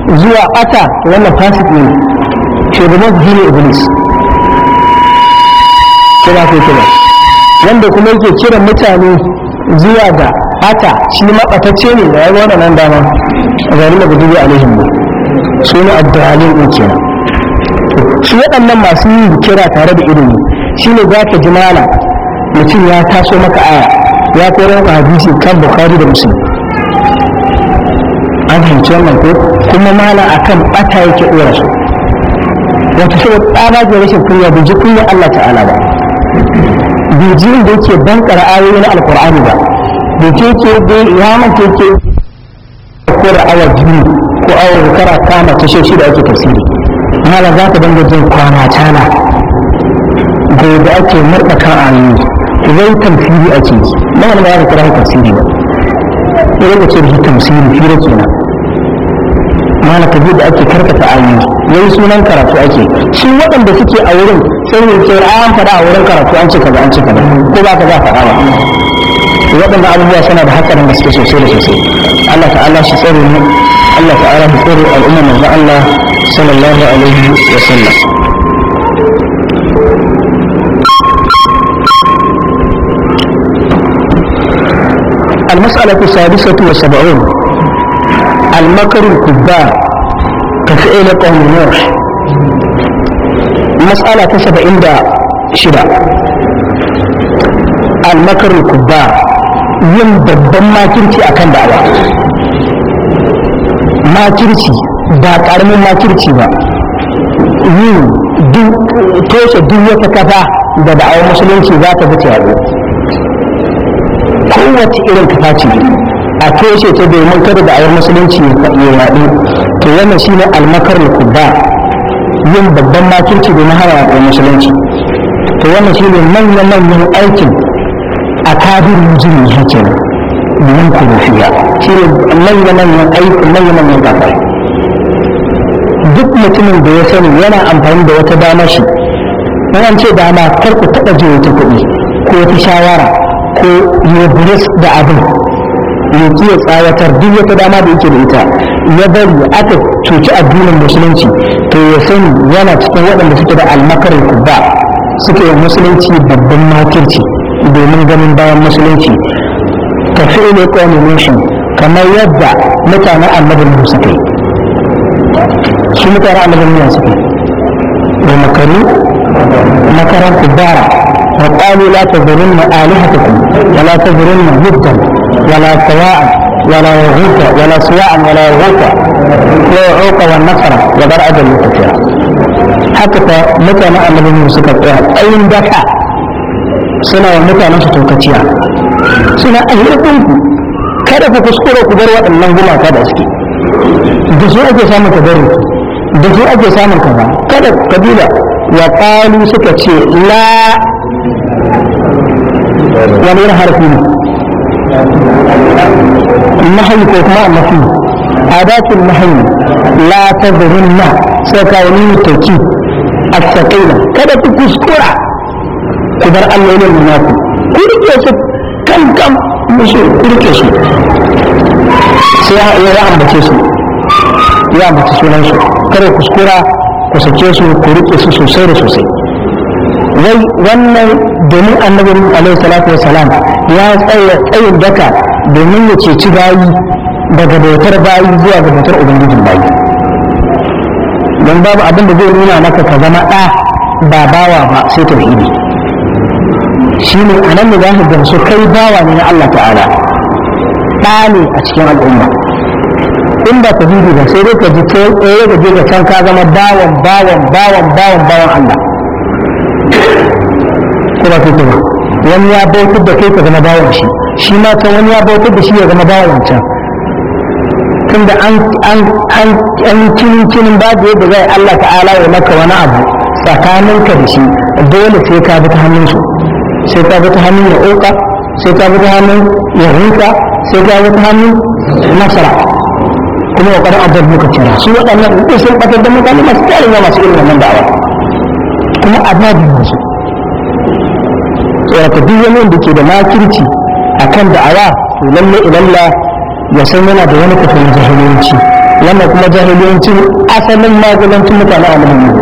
zuwa ata wannan fasik ne shugaban su ne iblis kira ko kira wanda kuma yake kira mutane zuwa ga ata shi maɓatacce ne da ya waɗannan dama a zarin da gudu alaihim ne su ne abdalin ɗin shi waɗannan masu yi kira tare da ilimi shi ne za ka ji mala mutum ya taso maka aya ya koyar maka hadisi kan bukhari da musulmi an fahimci wannan ko kuma mala akan bata yake dora su wato sai tsaba da rashin kunya bai ji kunya Allah ta'ala ba bai ji da yake ban qara'ayoyi na alqur'ani ba da yake da ya manta yake ko da awar jini ko awar zakara kama ta shi da ake tafsiri mala za ka dinga jin kwana tana gobe ake murɗa kan ayoyi zai tamsiri ake yi ba wani ba ya kira tafsiri ba ya ce da tamsiri fira kenan mana ta da ake karkata ayoyi yayi sunan karatu ake shi waɗanda suke a wurin sai ne ce an faɗa a wurin karatu an ce kaza an ce kaza ko ba ka za faɗa ba waɗanda abubuwa suna da hakarin gaske sosai da sosai Allah ta'ala shi tsare mu Allah ta'ala shi tsare al'umma manzo Allah sallallahu alaihi wa sallam المسألة السادسة والسبعون المكر الكبار كفعل قوم نوح مسألة تسبع عند شدة المكر الكبار yin babban makirci akan da'awa makirci ba karamin makirci ba yin toshe duk wata kafa da da'awar musulunci za ta fi yaɗo kowace irin kafa ce a toshe ta domin kada da ayar musulunci ya yaɗu to wannan shi ne almakar kubba yin babban makirci domin hana da musulunci to wannan shi ne manya-manyan aikin a kabirin jini ya ce domin kurufiya shi ne manya-manyan aikin manya-manyan kafa duk mutumin da ya sani yana amfani da wata dama shi Wannan ce dama kar ku taɓa je wata kuɗi ko wata shawara ko yi da abin roƙi ya tsawatar duk wata dama da yake da ita ya bari aka cuci addinin musulunci to ya sani yana cikin waɗanda suke da almakar kubba suke yin musulunci babban makirci domin ganin bayan musulunci ka fi ne ƙwani kamar yadda mutanen annabin musu kai su mutanen annabin musu kai da makaru makaran kubara وقالوا لا تذرن آلهتكم ولا تذرن ودا ولا سواء ولا يغوك ولا سواء ولا يغوك لا يعوق والنصر وبرع دم كثيرا حتى متى ما الذين يمسكوا أي دفع سنة ومتى نشطوا كثيرا سنة أهلكم kada ku kuskura ku bar waɗannan gumaka da suke da su ake samun tabaru da su ake samun kaza kada kabila wa qalu suka ce la wani harfi ne المحي كوكما مفيد عادات المحي لا تظهرن سكاوني تكي السكينة كذا تكسكرة كبر الليل المنافق كل يوسف كم كم مشي كل كيسو sai ya عم su يا ambace sunansu kare kuskura ku sake su ku rike su sosai da wai wannan domin annabi alaihi salatu Salam, ya tsaya tsayin daka domin ya ceci bayi daga bautar bayi zuwa ga bautar ubangijin bayi don babu abin da zai nuna maka ka zama ɗa ba bawa ba sai tauhidi shi ne a nan za ka gamsu kai bawa ne na Allah ta'ala ɗa ne a cikin al'umma in ba tauhidi ba sai dai ka ji ta ka ga ka can ka zama bawan bawan bawan bawan bawan Allah ko ba sai ba wani ya bautar da kai ka zama bawan shi shi ma ta wani ya bautar da shi ya zama bawan can tunda an an an an cinin cinin babu yadda zai Allah ta'ala ya maka wani abu tsakaninka da shi dole sai ka bi ta hannun su sai ka bi ta hannun ya oka sai ka bi ta hannun ya rinka sai ka bi ta hannun nasara kuma wa qad adallu kathira su waɗannan sun ɓatar da mutane masu tsayin masu irin wannan da'awa kuma a babu masu tsoraka duk wani wanda ke da makirci a kan da'awa to lalle ilalla ya san yana da wani kafin jahiliyanci wannan kuma jahiliyancin asalin magulancin mutane a nan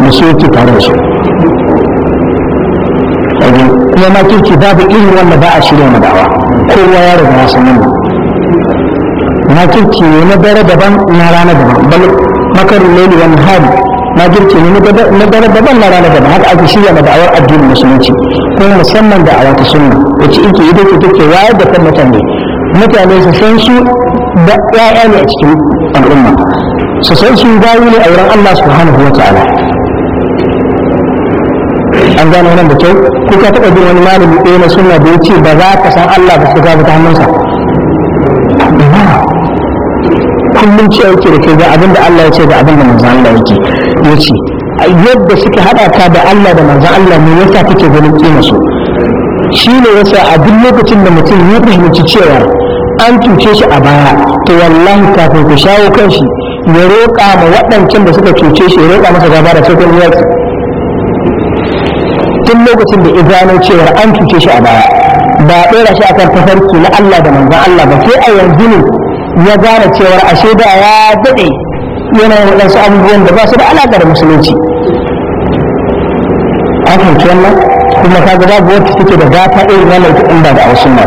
mu so yake tare da su kuma makirci babu irin wanda ba a shirya na da'awa kowa ya riga ya san wannan makirci ne na dare daban na rana daban bal makarin laili wani hari makirci ne na dare daban na rana daban haka ake shirya na da'awar addinin musulunci kuma musamman da awata sunna wacce ike ita ce take wayar da kan mutane mutane su san su da ƴaƴa ne a cikin al'umma su san su bayu ne a wurin Allah subhanahu wa ta'ala an gano nan da kyau kuka taɓa jin wani malami ɗaya na sunna da ya ce ba za ka san Allah ba su gaba ta hannunsa kullum ce yake da kai ga abin Allah ya ce ga abin da manzon Allah yake ya ce yadda suka hada ka da Allah da manzan Allah ne yasa kake ganin kima su shi ne yasa a duk lokacin da mutum ya fahimci cewa an cuce shi a baya to wallahi kafin ku shawo kan shi ya roƙa ma waɗancan da suka cuce shi ya roƙa masa gaba da cikin yaki tun lokacin da izano cewa an cuce shi a baya ba a ɗora shi akan tafarki na Allah da manzan Allah ba sai a yanzu ne ya gane cewar ashe da ya daɗe yanayin waɗansu abubuwan da ba su da alaƙa da musulunci an fahimci wannan kuma kaga babu wata take da gata irin wannan ta inda da wasu ba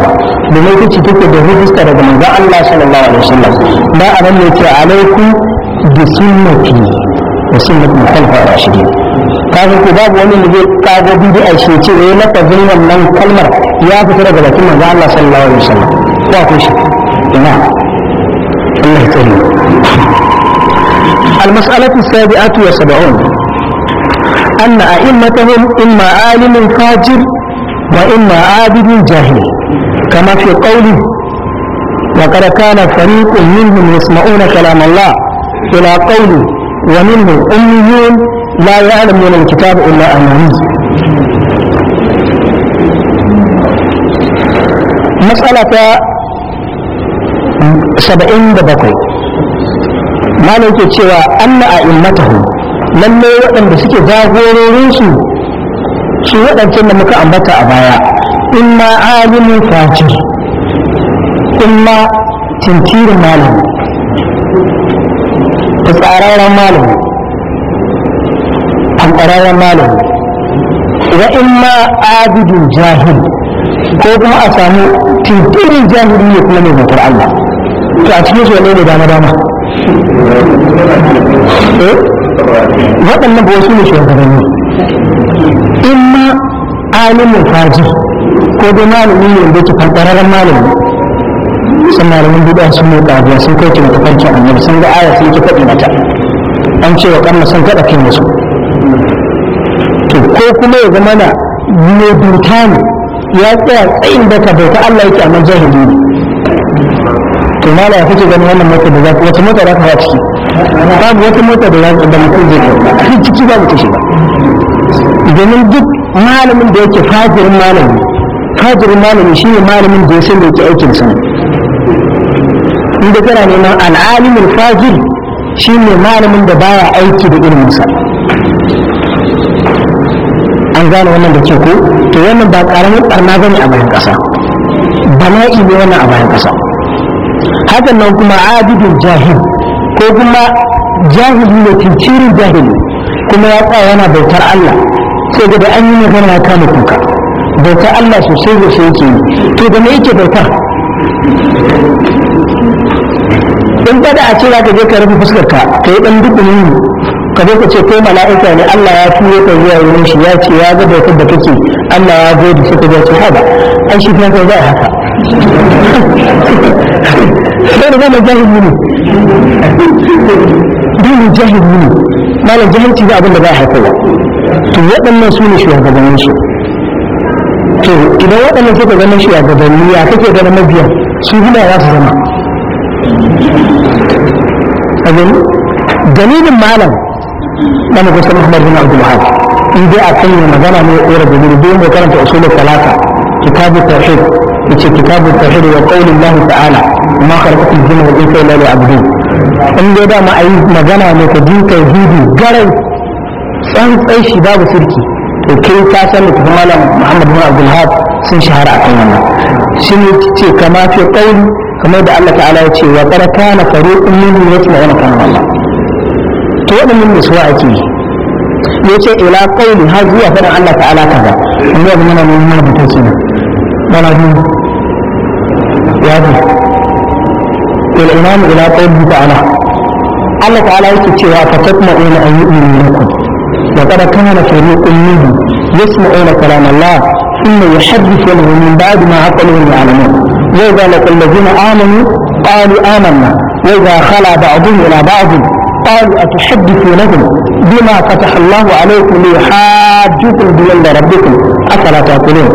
domin ta ce take da rijista daga manzon Allah sallallahu alaihi wasallam da anan ne ce alaikum bi sunnati wa sunnati al-khulafa ar-rashidin kaga ko babu wani da zai kago bid'a shi ce eh lafazin wannan kalmar ya fita daga bakin manzon Allah sallallahu alaihi wasallam ko ko shi ina الله يكرمه المسألة السابعة وسبعون أن أئمتهم إما عالم فاجر وإما عابد جاهل كما في قوله وقد كان فريق منهم يسمعون كلام الله إلى قوله ومنهم أميون لا يعلمون الكتاب إلا أمامي مسألة 77 malam ke cewa anna a immatahu lalle waɗanda suke jagororin su su waɗancan da muka ambata a baya imma alimin fajir imma tintirin malam fitsararren malam amɓararren malam wa imma abidin jahil ko kuma a samu tintirin jahili ne kuma mai mutar Allah to a cikin su ne da dama eh, waɗannan ba wasu ne shugabanni in ma alimin faji ko dai malami ne da ke fantararren malami sun malamin buɗa sun mai ɗabiya sun kai ki matafarki annabi sun ga aya sun ki faɗi mata an ce wa ƙarna sun kaɗa kan su, to ko kuma ya zama na mai burtani ya tsaya tsayin daga bauta Allah yake a nan jahili ne mala ya kuke ganin wannan da mota za ka ciki babu wata ciki duk malamin da yake fajirin malami fajirin malami shine malamin da ya san da yake aikin sa inda kana ba barna bane bala'i ne wannan a bayan kasa hakan nan kuma abidin jahil ko kuma jahili ne tinkirin jahili kuma ya tsaya yana bautar Allah sai da an yi magana ya kama kuka bautar Allah sosai da sai yake yi to da me yake bautar in kada a ce za ka je ka rufe fuskar ka ka yi dan dukkanin ka zo ka ce ko mala'ika ne Allah ya turo ka zuwa wurin shi ya ce ya ga bautar da kake Allah ya gode sai ka ce haba an shi ka za haka انا ما جاهد منه دين جاهد منه ما لا جاهدتي ذا ابن باحة كوا تو وقن ما سوني شو هذا بانشو تو إذا وقن ما سوني بانشو هذا بانشو يا كيف يدان مبيا سوه لا راس زمان أذن دليل المعلم ما نقول سمح مرضي عبد الحاج إذا أكلنا مغانا من أورا دليل دون وكانت أصول الثلاثة كتاب التوحيد yace kitabu tauhid wa qawli Allah ta'ala ma khalaqtu al-jinna wal insa illa liya'budun in dai da ma ayi magana ne ka ji tauhidi garai tsantsai shi babu sirki to kai ka san da kuma malam Muhammad bin Abdul Hab sun shahara akan wannan shi ne ce kama fi qawli kamar da Allah ta'ala ya ce wa qad kana fariqun minhum yasma'una kalam Allah to waɗannan ne su ake yi ya ce ila kauli har zuwa faɗin Allah ta'ala kaza wanda ya zama na nuna mutum kenan wala biyu wajibi to imam ila qawli ta'ala Allah ta'ala yake cewa fa tatma'una an yu'minu lakum wa qad kana fariqun minhum yasma'una kalam Allah thumma yuhaddithuna min ba'di ma aqalu ya'lamun وإذا لقوا الذين آمنوا قالوا آمنا وإذا خلا بعضهم إلى بعض قالوا أتحدثونهم بما فتح الله عليكم ليحاجوكم بعند ربكم أفلا تعقلون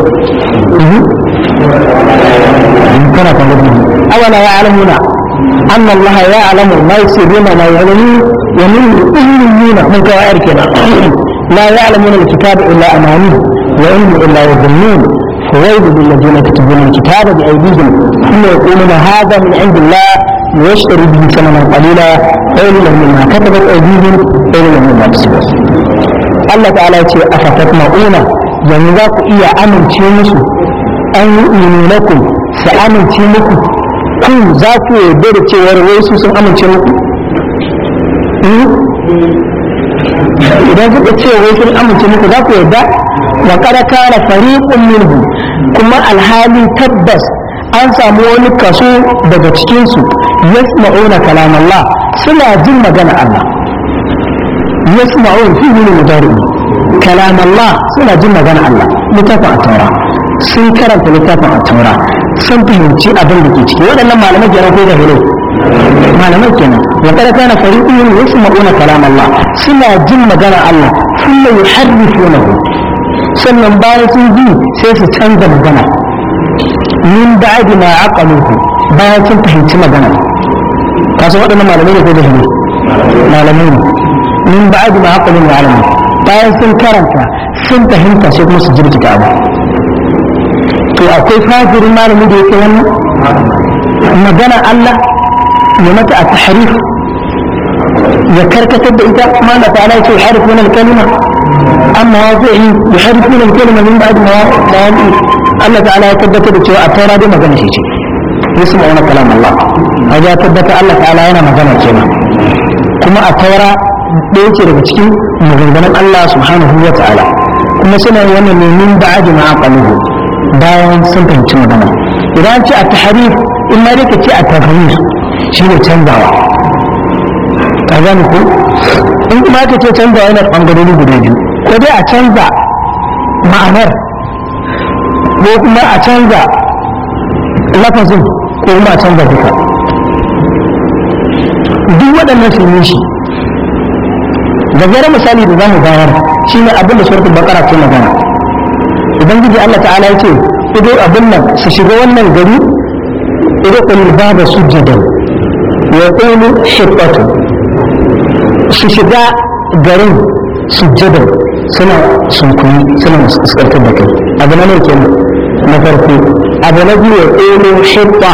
أولا يعلمون أن الله يعلم ما يسرون ما يعلمون ومنهم أميون من كوائركنا لا يعلمون الكتاب إلا أَمَانِي وإن إلا يظنون فويل للذين يكتبون الكتاب بأيديهم ثم يقولون هذا من عند الله ويشتري به ثمنا قليلا خير لهم مما كتبت أيديهم خير لهم مما كسبوا الله تعالى يقول أفتطمئون يعني ذاك إيا أمن تيمسوا an yi ku su amince muku Ku za ku yarda da cewar wai su sun amince muku hmm? idan suka ce wai sun amince muku za ku yarda wa kada kana fariqun minhu kuma alhali tabbas an samu wani kaso daga cikinsu, su yasma'una kalam suna jin magana Allah yasma'un fi min mudari kalam suna jin magana Allah mutafa a taura sun karanta littafin a taura sun fahimci abin da ke ciki waɗannan malamai kenan ko jahilai malamai kenan wa kada kana su yasma'una kalam Allah suna jin magana Allah kuma yuharrifunahu sannan bayan sun ji sai su canza magana min na ma aqaluhu bayan sun fahimci magana kasu waɗannan malamai ne ko jahilai malamai ne min na ma aqaluhu alamu bayan sun karanta sun fahimta sai kuma su jirkita abu to akwai fajirin malami da yake wannan magana Allah ya mata a tahrif ya karkatar da ita ma na ta'ala yake harfuna al-kalima amma wazi'i ya harfuna al-kalima min ba'd ma mawadi Allah ta'ala ya tabbata da cewa a taura dai magana shi ce yasma wa kalam Allah kaga ya tabbata Allah ta'ala yana magana kenan kuma a taura ɗaya ce daga cikin maganganun Allah subhanahu wa ta'ala kuma suna wannan ne min ba'd ma qaluhu bayan sun fahimci magana idan ce a taharif in ma dai ka ce a tahrir shi ne canzawa ka gane ko in kuma ka ce canzawa yana bangarori guda biyu ko dai a canza ma'anar ko kuma a canza lafazin ko kuma a canza duka duk waɗannan su ne shi gajeren misali da za mu bayar shi ne abinda da bakara ce magana ubangiji Allah ta'ala yace ido abin nan su shiga wannan gari ido kullu su sujadan ya qulu shiqqatu su shiga garin su sujadan suna sunkuni suna fuskantar da kai abu na ne kenan na farko abu na biyu ya qulu shiqqa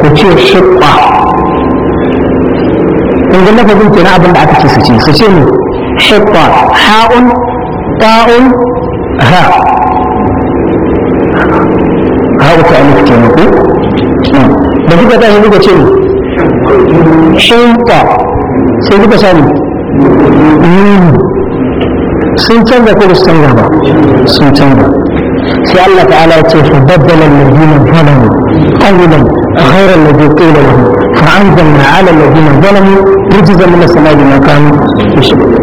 ku ce shiqqa kun ga lafazin kenan abin da aka ce su ce su ce ne shiqqa ha'un ta'un ha harka alif ke ko da kuka tashi kuka ce shinka sai kuka sani sun canza ko su canza ba sun canza sai Allah ta'ala ya ce fa baddala alladhina zalamu qawlan ghayra alladhi qila lahum fa anzalna 'ala alladhina zalamu rijzan min as-sama'i bima kanu yashrikun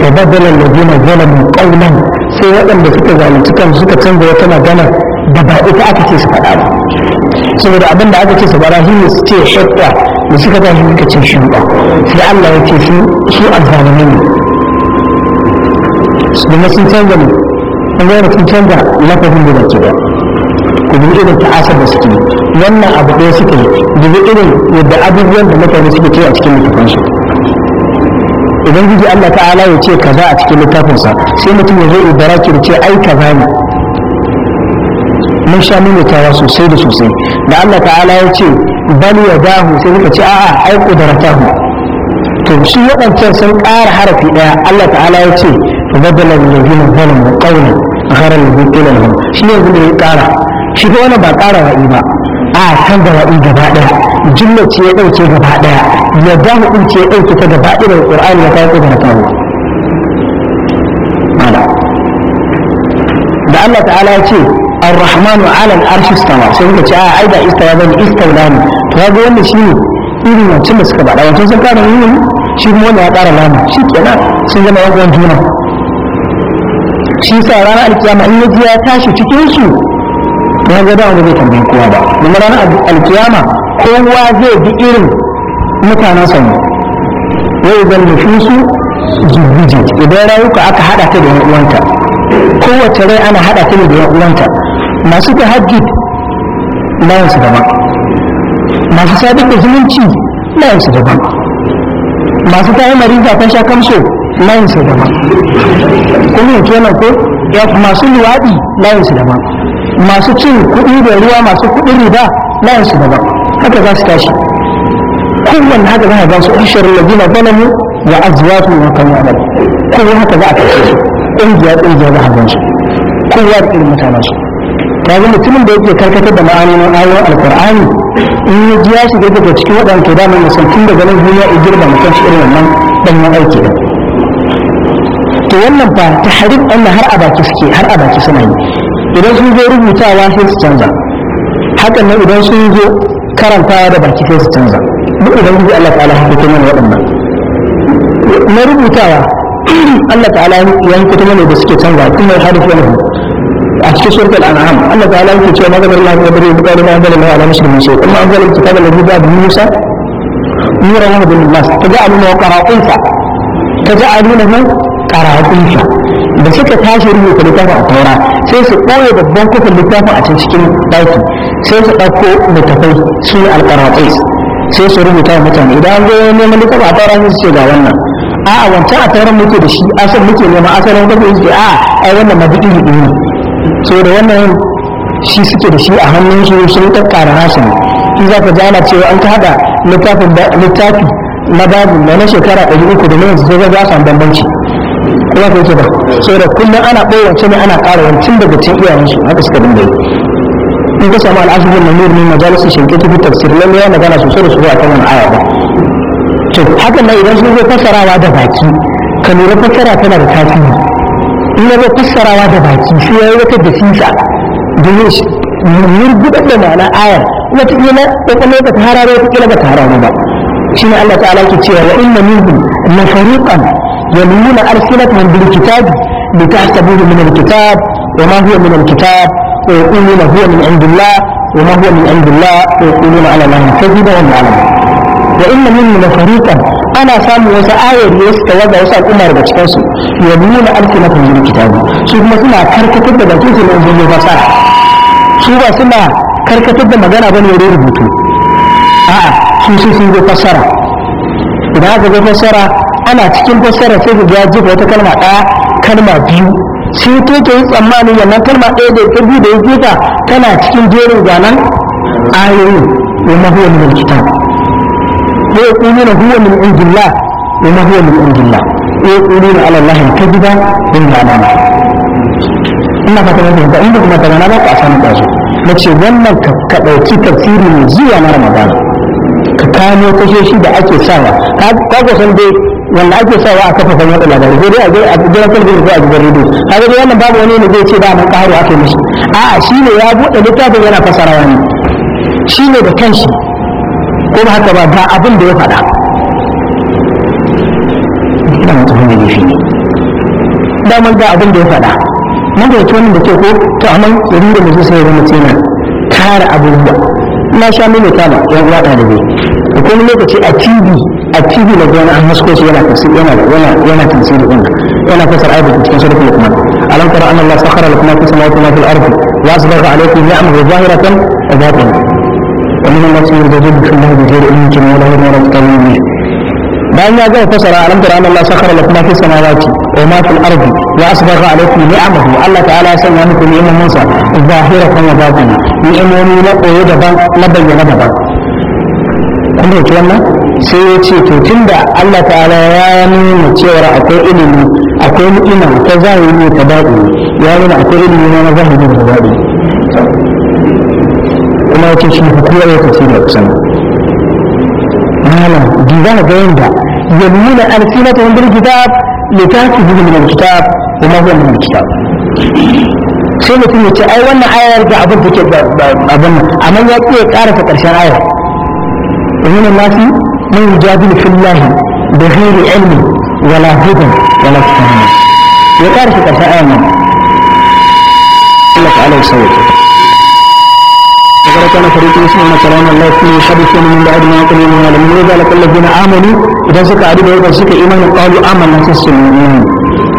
fa baddala alladhina zalamu qawlan sai waɗanda suka zalunci kansu suka canza wata magana da ba ita aka ce su faɗa ba saboda abin da aka ce su bara shi ne su ce shakka da suka ta shi suka ce shuɗa sai Allah ya ce su su azzalumai ne su ne sun canza ne an gane sun canza lafafin da ke ba ku bi irin asar da suke wannan abu ɗaya suke yi bi irin yadda abubuwan da mutane suke ce a cikin littafansu Idan ubangiji Allah ta'ala ya ce kaza a cikin littafinsa sai mutum ya zai ibaraki da ce ai kaza ne mun sha mimitawa sosai da sosai da Allah ta'ala ya ce bal ya dahu sai muka ce a'a ai kudaratahu to shi waɗancan sun ƙara harafi ɗaya Allah ta'ala ya ce fadadala alladhina zalamu qawlan ghayra alladhi qila lahum shi ne zai ƙara shi ko wannan ba ƙara ra'i ba a kan gawaɗi gaba ɗaya jumla ce ya ɗauke gaba ɗaya ya damu ɗin ce ya ɗauke ta gaba ɗaya daga ƙur'ani ya kawo da kawo da Allah ta'ala ya ce ar rahman ala al-arshi istawa sai kuka ce a ai da istawa bane istawla ne to ga wannan shine irin wancan da suka faɗa wancan sun yi ne shi kuma wanda ya ƙara lamu shi kenan sun zama yan uwan juna shi sa ranar alkiyama in ya ya tashi cikin su ya ga da wanda zai tambayi kowa ba kuma ranar alkiyama kowa zai bi irin mutanen sa ne wai zan nufusu zubbiji idan rayuka aka hada ta da yan uwanta kowace rai ana hada ta da yan uwanta masu hajji layin su daban masu sadiq da zumunci layin su daban masu tayi mariza ta sha kamso layin su daban kuma yake nan ko masu luwaɗi layin su daban masu cin kuɗi da ruwa masu kuɗin riba layan su daban haka za su tashi kowanne haka za a ba su ishirin da gina zalamu wa azwatu wa kan yamal kowa haka za a tashi su ƙungiya ƙungiya za a ba su kowa da irin mutanen su kaga mutumin da yake karkatar da ma'anonin ayoyin alkur'ani in ya ji ya shiga daga cikin waɗanda da mai tun daga nan duniya ya girba mutum shi irin wannan ɗanyen aiki da to wannan ba ta harin ɗan har a baki suke har a baki suna yi idan sun zo rubutawa sai su canza hakan nan idan sun zo karanta da baki sai su canza duk idan gudu Allah ta'ala haka kuma ne waɗannan na rubutawa Allah ta'ala ya yi kuma ne da suke canza kuma ya harifi wani a cikin surta al'an'am Allah ta'ala yake cewa maganar Allah ya bari buƙa da ma'amala na ala musulmi sai kuma an zalunta ta da lafiya da Musa nura wa bin nas ta ja'aluna qara'unsa ta ja'aluna qara'unsa da suka tashi rubuta littafin a taura sai su ɓoye babban kufin littafin a can cikin ɗaki sai su ɗauko littafai su yi alƙaratsai sai su rubuta wa mutane idan an zo neman littafin a taura sai su ce ga wannan a a wancan a tauran muke da shi asal muke nema asalin kafin su ce a ai wannan ma duk iri ne so da wannan shi suke da shi a hannun su sun ƙaƙƙara nasu ne in za ka gana cewa an kaɗa littafin littafi na babu na na shekara ɗari uku da na zai sai ga samu bambanci kuma kun ce ba saboda kullum ana ɓoye wance ne ana ƙara wancin daga cikin iyayensu haka suka dinga yi in ka samu al'asibin namur ne majalisun shinke tafi tafsir lalle ya magana sosai da su a kan wani aya ba to hakan nan idan sun zo fassarawa da baki ka lura fassara tana da tasiri in ya zo fassarawa da baki sai ya yi wata dasisa domin murgudar da ma'ana ayar wataƙila ƙwaƙwalwa ba ta hararo wataƙila ba ta hararo ba shi ne Allah ta'ala ke cewa wa inna minhum la fariqan يلوون ألسنتهم بالكتاب لتحسبوه من الكتاب وما هو من الكتاب ويقولون هو من عند الله وما هو من عند الله ويقولون على الله الكذب وهم يعلمون وإن منهم فريقا أنا سامي وسا آية يستوضع وسا الأمر بتشكسو يلوون ألسنتهم بالكتاب شوف ما سمع كركتب بلتوس الأنزل وبصار شوف ما سمع كركتب مجانا بني يريد بوتو آه su sai sun zo fassara idan aka zo fassara ana cikin fassara sai ka ya jefa wata kalma ɗaya kalma biyu sai to ke yi tsammanin yannan kalma ɗaya da ta biyu da ya jefa tana cikin jerin zanen ayoyi wa mahuwa min alkitab kuma na huwa min indillah wa mahuwa min indillah kuma na ala allahi kadiba bin lamana ina fata mutum da inda kuma ta gana ba ka sanin ƙazo na ce wannan ka ɗauki tafsiri ne zuwa na ramadan kamo tashoshi da ake sawa ka ga san dai wanda ake sawa a kafafen yada labarai sai dai a a gidan talabijin ko a gidan rediyo kaga dai wannan babu wani ne zai ce da nan ƙaro aka mishi a'a shine ya buɗe littafin yana fasarawa ne shine da kanshi ko ba haka ba ga abin da ya faɗa ina mutum ne laifi ne daman ga abin da ya faɗa mun da yake wannan da ke ko to amma irin da mu zo sai ya zama tsina kare abubuwa na sha mini kama yan uwa ɗalibai wani lokaci a tv a tv da gani an hasko shi yana tafsiri yana yana yana tafsiri din yana fasar ayatu cikin suratul luqman alam tara anna allaha sakhara lakum ma fi samawati wa ma fil ardi wa asbagha alaykum ni'amahu zahiratan wa batinatan wa min allahi yurdu bi allahi bi ghayri ilmin kama la yurdu bi tawfiq bayan ya gama fasara alam tara anna allaha sakhara lakum ma fi samawati wa ma fil ardi wa asbagha alaykum ni'amahu allah ta'ala ya sanya muku ni'amun sa zahiratan wa batinatan ni'amun la qayyada ban la bayyana daban kuma yake wannan sai ya ce to tunda Allah ta'ala ya nuna cewa akwai ilimi akwai ni'ima ta zahiri ta baɗi ya nuna akwai ilimi na zahiri da baɗi kuma ya ce shi hukumar ya tafi da kusan malam duba ga yanda yamuna alsinatun bil kitab litakhudu min al kitab wa ma huwa min al kitab sai mutum ya ce ai wannan ayar da abin take abin amma ya ƙi ya ƙarasa ƙarshen ayar ومن الناس من يجادل في الله بغير علم ولا هدى ولا فهم فآمن تفاهم لك عليه سيدك وكان فريق يسمعون كلام الله في حديث من بعد ما يقولون هذا من ذلك الذين امنوا اذا سكى عليه اذا سكى ايمان قالوا آمن امنا تسلمون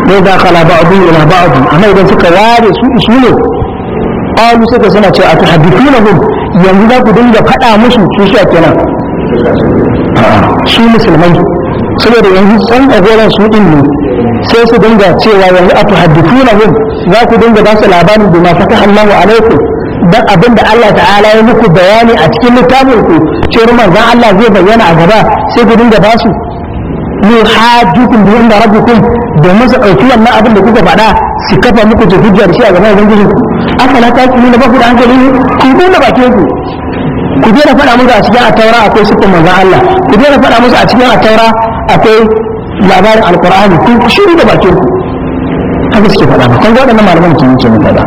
واذا خلا بعضهم الى بعض اما اذا سكى وارث اسمه قالوا سكى سنه اتحدثونهم yanzu za ku dinga faɗa musu su shi kenan su musulmai saboda yanzu san agoran su din ne sai su dinga cewa yanzu a na hun, za ku dinga ba su labarin bima fataha Allahu alaikum dan abin da Allah ta'ala ya muku bayani a cikin littafin ku cewar za Allah zai bayyana a gaba sai ku dinga ba su yuhajjukum bi inda rabbikum domin su ɗauki wannan abin da kuka faɗa su kafa muku ta hujjar shi a gaban ubangiji ku aka la ta kuma ba ku da hankali ku ku bakin ku ku je na faɗa musu a cikin ataura akwai sukun manzan Allah ku je na faɗa musu a cikin ataura akwai labarin alkur'ani ku shiru da bakin ku haka suke faɗa ba kan waɗannan malaman kin ke faɗa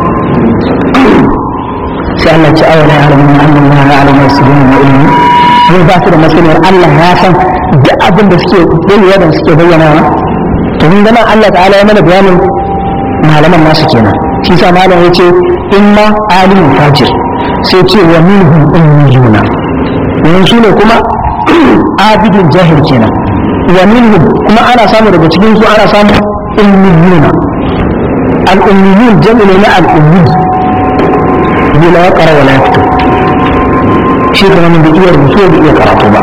sai Allah ci awala ya alamu na Allah ya alamu su ne na ilimi zai ba su da masaniyar Allah ya san duk abin da suke ɗaya da suke bayyana to mun gana Allah ta'ala ya mana bayanin malaman nasu kenan shi sa malam ya ce imma alimin fajir sai ce wa minhum ummiyuna yan su ne kuma abidin jahil kenan wa minhum kuma ana samu daga cikin su ana samu ummiyuna al-ummiyun jami'i na al-ummi bi la yaqra wa la yaktub shi kuma mun bi iya rubutu da iya karatu ba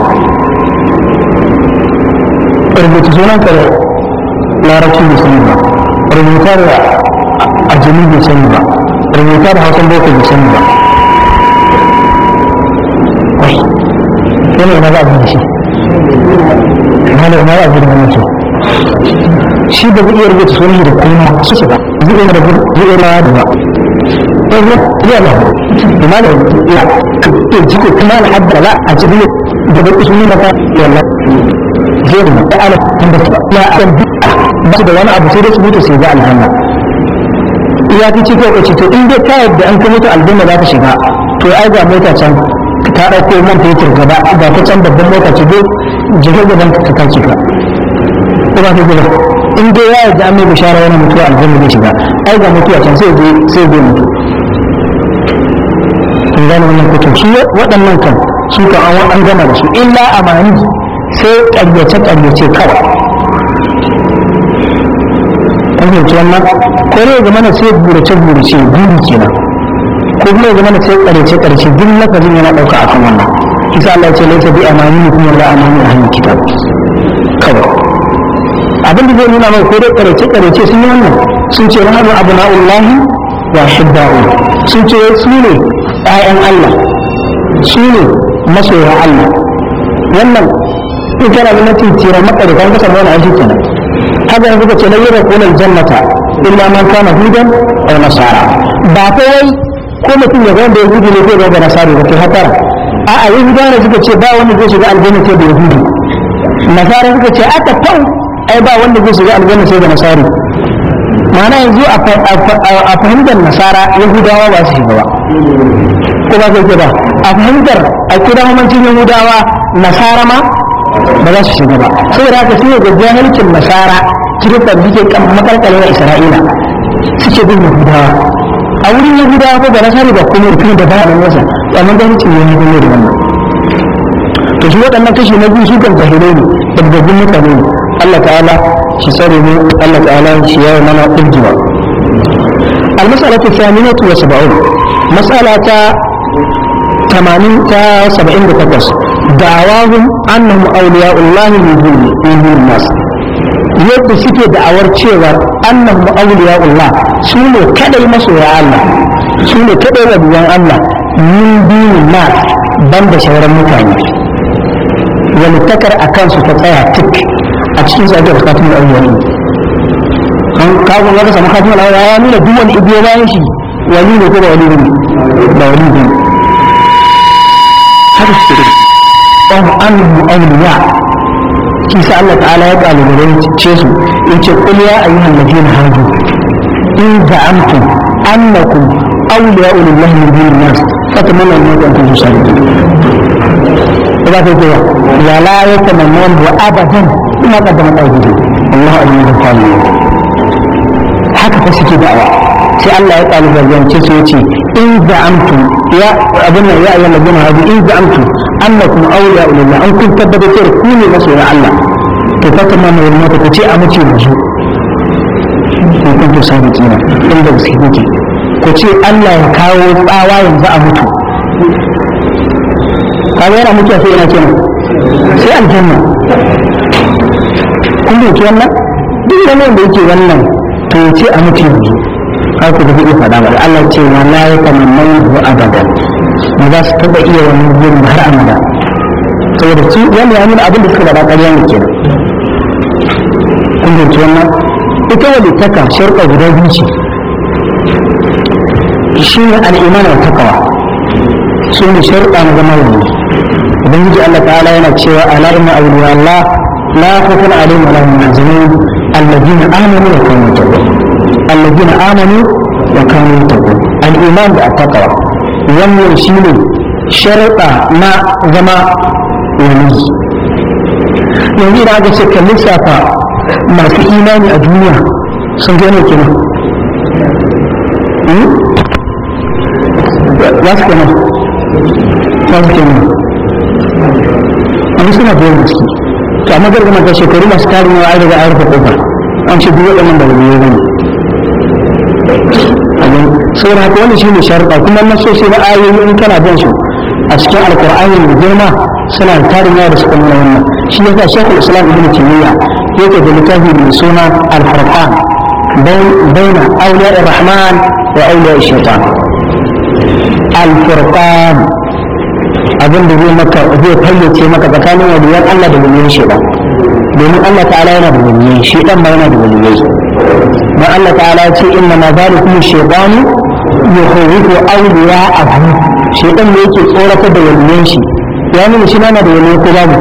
rubutu sunan ka larabci da sani ba rubuta da ajami da sani ba rubuta da hausan boko da sani ba جميع ما بعض من الشيء هذا ما بعض من الشيء shi da zai iya rubuta sunan da kuma su shiga zai iya rubuta zai iya rawa da ba ɗaya ya ba kuma da ya ke jiko kuma na hadda la a cikin da ba kusa nuna ba ya la zai da ta ala tun da ya an bi ba da wani abu sai da su mutu sai ga alhamma ya fi cikin ko to in dai ta yadda an kuma ta aljanna za ta shiga to ai ga mota can ka ɗauko man fetur gaba ga ta can babban mota ce dai jihar gaban ka kace ka ba ta gaba in dai ya yi amma mai bishara wani mutuwa aljanna zai shiga ai ga mutuwa can sai dai sai dai mutu in gane wannan kuto shi waɗannan kan su ka an an gama da su illa amani sai ƙaryace ƙaryace kawai an fahimci wannan ko ne ga mana sai burace burace guri kenan ko kuma ya zama na ce ƙarshe ƙarshe duk lafazin yana ɗauka akan wannan Isa Allah ce laisa bi amani kuma la amani a hannun kitab kawai abin da zai nuna mai ko dai ƙarshe ƙarshe sun yi wannan sun ce wani abu na'ullahi wa shidda'u sun ce su ne ƴaƴan Allah su ne masoya Allah wannan in kana da mutum tira maka da kan kasa wani aiki kenan haka yanzu ka ce na yi rakunan jannata illa man kana hudan aw nasara ba ta wai ko mutum ya wanda ya gudu ne zai ga bara sare da hatara a a yahuda ne suka ce ba wanda zai shiga aljanna sai da yahudi nasara suka ce aka tau ai ba wanda zai shiga aljanna sai da nasara ma'ana yanzu a fahimtar nasara yahudawa ba su shiga ba ko ba zai ba a fahimtar a kira mamancin yahudawa nasara ma ba za su shiga ba saboda haka sun ga jahilcin nasara kirista da suke makarkarin isra'ila suke bin yahudawa a wurin ya guda ko da na shari ba kuma mutum da ba a masa amma ganin cin yayi ne da wannan to shi waɗannan kashi na biyu su kan kahirai da dabbabbin mutane Allah ta'ala shi tsare mu Allah ta'ala shi yawa mana urjiwa المسألة الثامنة وسبعون مسألة ثمانين سبعين بتقص دعواهم أنهم أولياء الله من دون الناس yadda suke da'awar cewa annan ma'auliya Allah su ne kadai masoya Allah su ne kadai rabuwan Allah min biyu na ban da sauran mutane wani takar a kansu ta tsaya tik a cikin su ake katin ma'auliya ne an kawo ya samu kafin al'aura ya nuna duk wani ibiyo bayan shi wani ne ko ba wani ne ba wani ne har suke da ɗan annan ma'auliya kisa Allah ta'ala ya kalubalance su yace qul ya ayyuhal ladina hadu in za'amtum annakum awliya'u lillahi min dunin nas fatamanna ma kuntum tusarifun ba ta ce wa la yatamanna wa abadan kuma ka da aiki Allah alim da kwani haka fa suke da'awa sai Allah ya kalubalance su yace in za'amtum ya abin nan ya ayyuhal ladina hadu in za'amtum annakum awliya lillah an kun tabbatar ku ne masoya Allah to fatima mai mata ku ce a mace yanzu in kuntum sadiqina inda gaske kuke ku ce Allah ya kawo tsawa yanzu a mutu kaga yana mutuwa sai yana kenan sai aljanna kun dauki wannan duk wani wanda yake wannan to ya ce a mutu yanzu har ku zai iya faɗa ba Allah ce wa la ya tamannahu abada ba za su taɓa iya wani yin har amada saboda su wanda ya nuna abin da suka faɗa ƙarya ne kenan kun fahimci wannan ita walittaka sharɗa guda biyu ce shi ne al'imana da takawa su ne sharɗa na zama wani ubangiji Allah ta'ala yana cewa ala inna awliya Allah la khawfun alaihim wa lahum yahzanun alladhina amanu wa kanu yattaqun allazina amanu wa kanu yattaqun al-iman da taqwa wannan shine sharuɗa na zama wani yanzu da aka ce kan lissafa masu imani a duniya sun gane kenan za su kenan za su kenan amma suna biyar da su to amma gargama ga shekaru masu tarin wa ai daga ayyuka kofa an ce duk waɗannan da wani yau ne saboda haka wannan shine sharuɗa kuma nasoshi na ayoyi in kana bin su a cikin alkur'ani da girma suna tarin yawa da suka nuna wannan shi ya sa shekul islam ibn kimiyya yake da littafi mai suna al-furqan baina awliya ar-rahman wa awliya shaitan al-furqan abin da zai maka zai fayyace maka tsakanin waliyan Allah da waliyan shaitan domin Allah ta'ala yana da waliyai shaitan ma yana da waliyai ma Allah ta'ala ya ce inna ma zalikum shaytanu yukhawwifu abu. shaytan ne yake tsoratar da waliyan shi ya nuna shi na da waliyan ko babu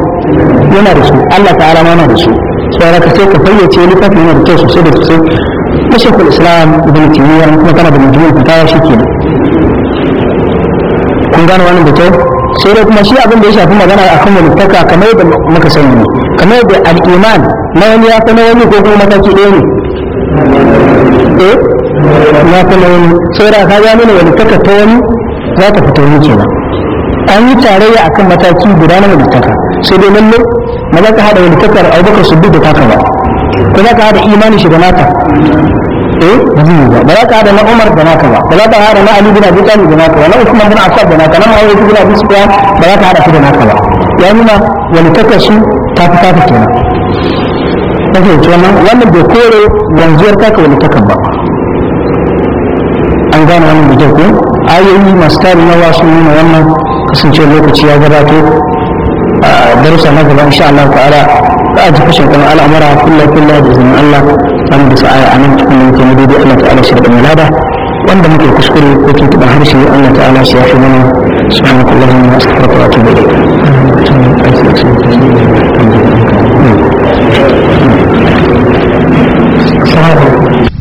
yana da su Allah ta'ala ma na da su sai ka ce ka fayyace littafin yana da kyau sosai da sosai na shekul islam ibn timiyya kuma kana da mutumin fitawa shi kenan kun gane wannan da kyau sai dai kuma shi abin da ya shafi magana a kan walittaka kamar yadda muka sani ne kamar yadda al-iman na wani ya sanar na wani ko kuma mataki ɗaya ne eh na kuma wani saboda ka ga mana wani taka ta wani za ka fita wani kenan an yi tarayya akan mataki guda na wani taka sai dai lalle ma za ka haɗa wani da takar abubakar su da taka ba ko za ka haɗa imanin shi da naka eh biyu ba ba za ka haɗa na umar da naka ba ba za ka haɗa na ali bin abi talib da naka ba na usman bin affan da naka na muawiya bin abi sufyan ba za ka haɗa su da naka ba ya nuna wani takar su ta fi ta fi kenan kasance wannan wannan bai kore wanzuwar taka wani takan ba an gane wannan da kyau ko ayoyi masu tari yawa sun nuna wannan kasancewar lokaci ya gabato a darussa na gaba insha Allah ta'ala za a ji fashin kan al'amura kullum kullum da izinin Allah za mu bisa aya a nan cikin yankin daidai Allah ta'ala shi da lada. wanda muke kuskure ko tuntuɓar harshe Allah ta'ala shi ya fi mana سبحانك اللهم وأستغفرك وأتوب إليك السلام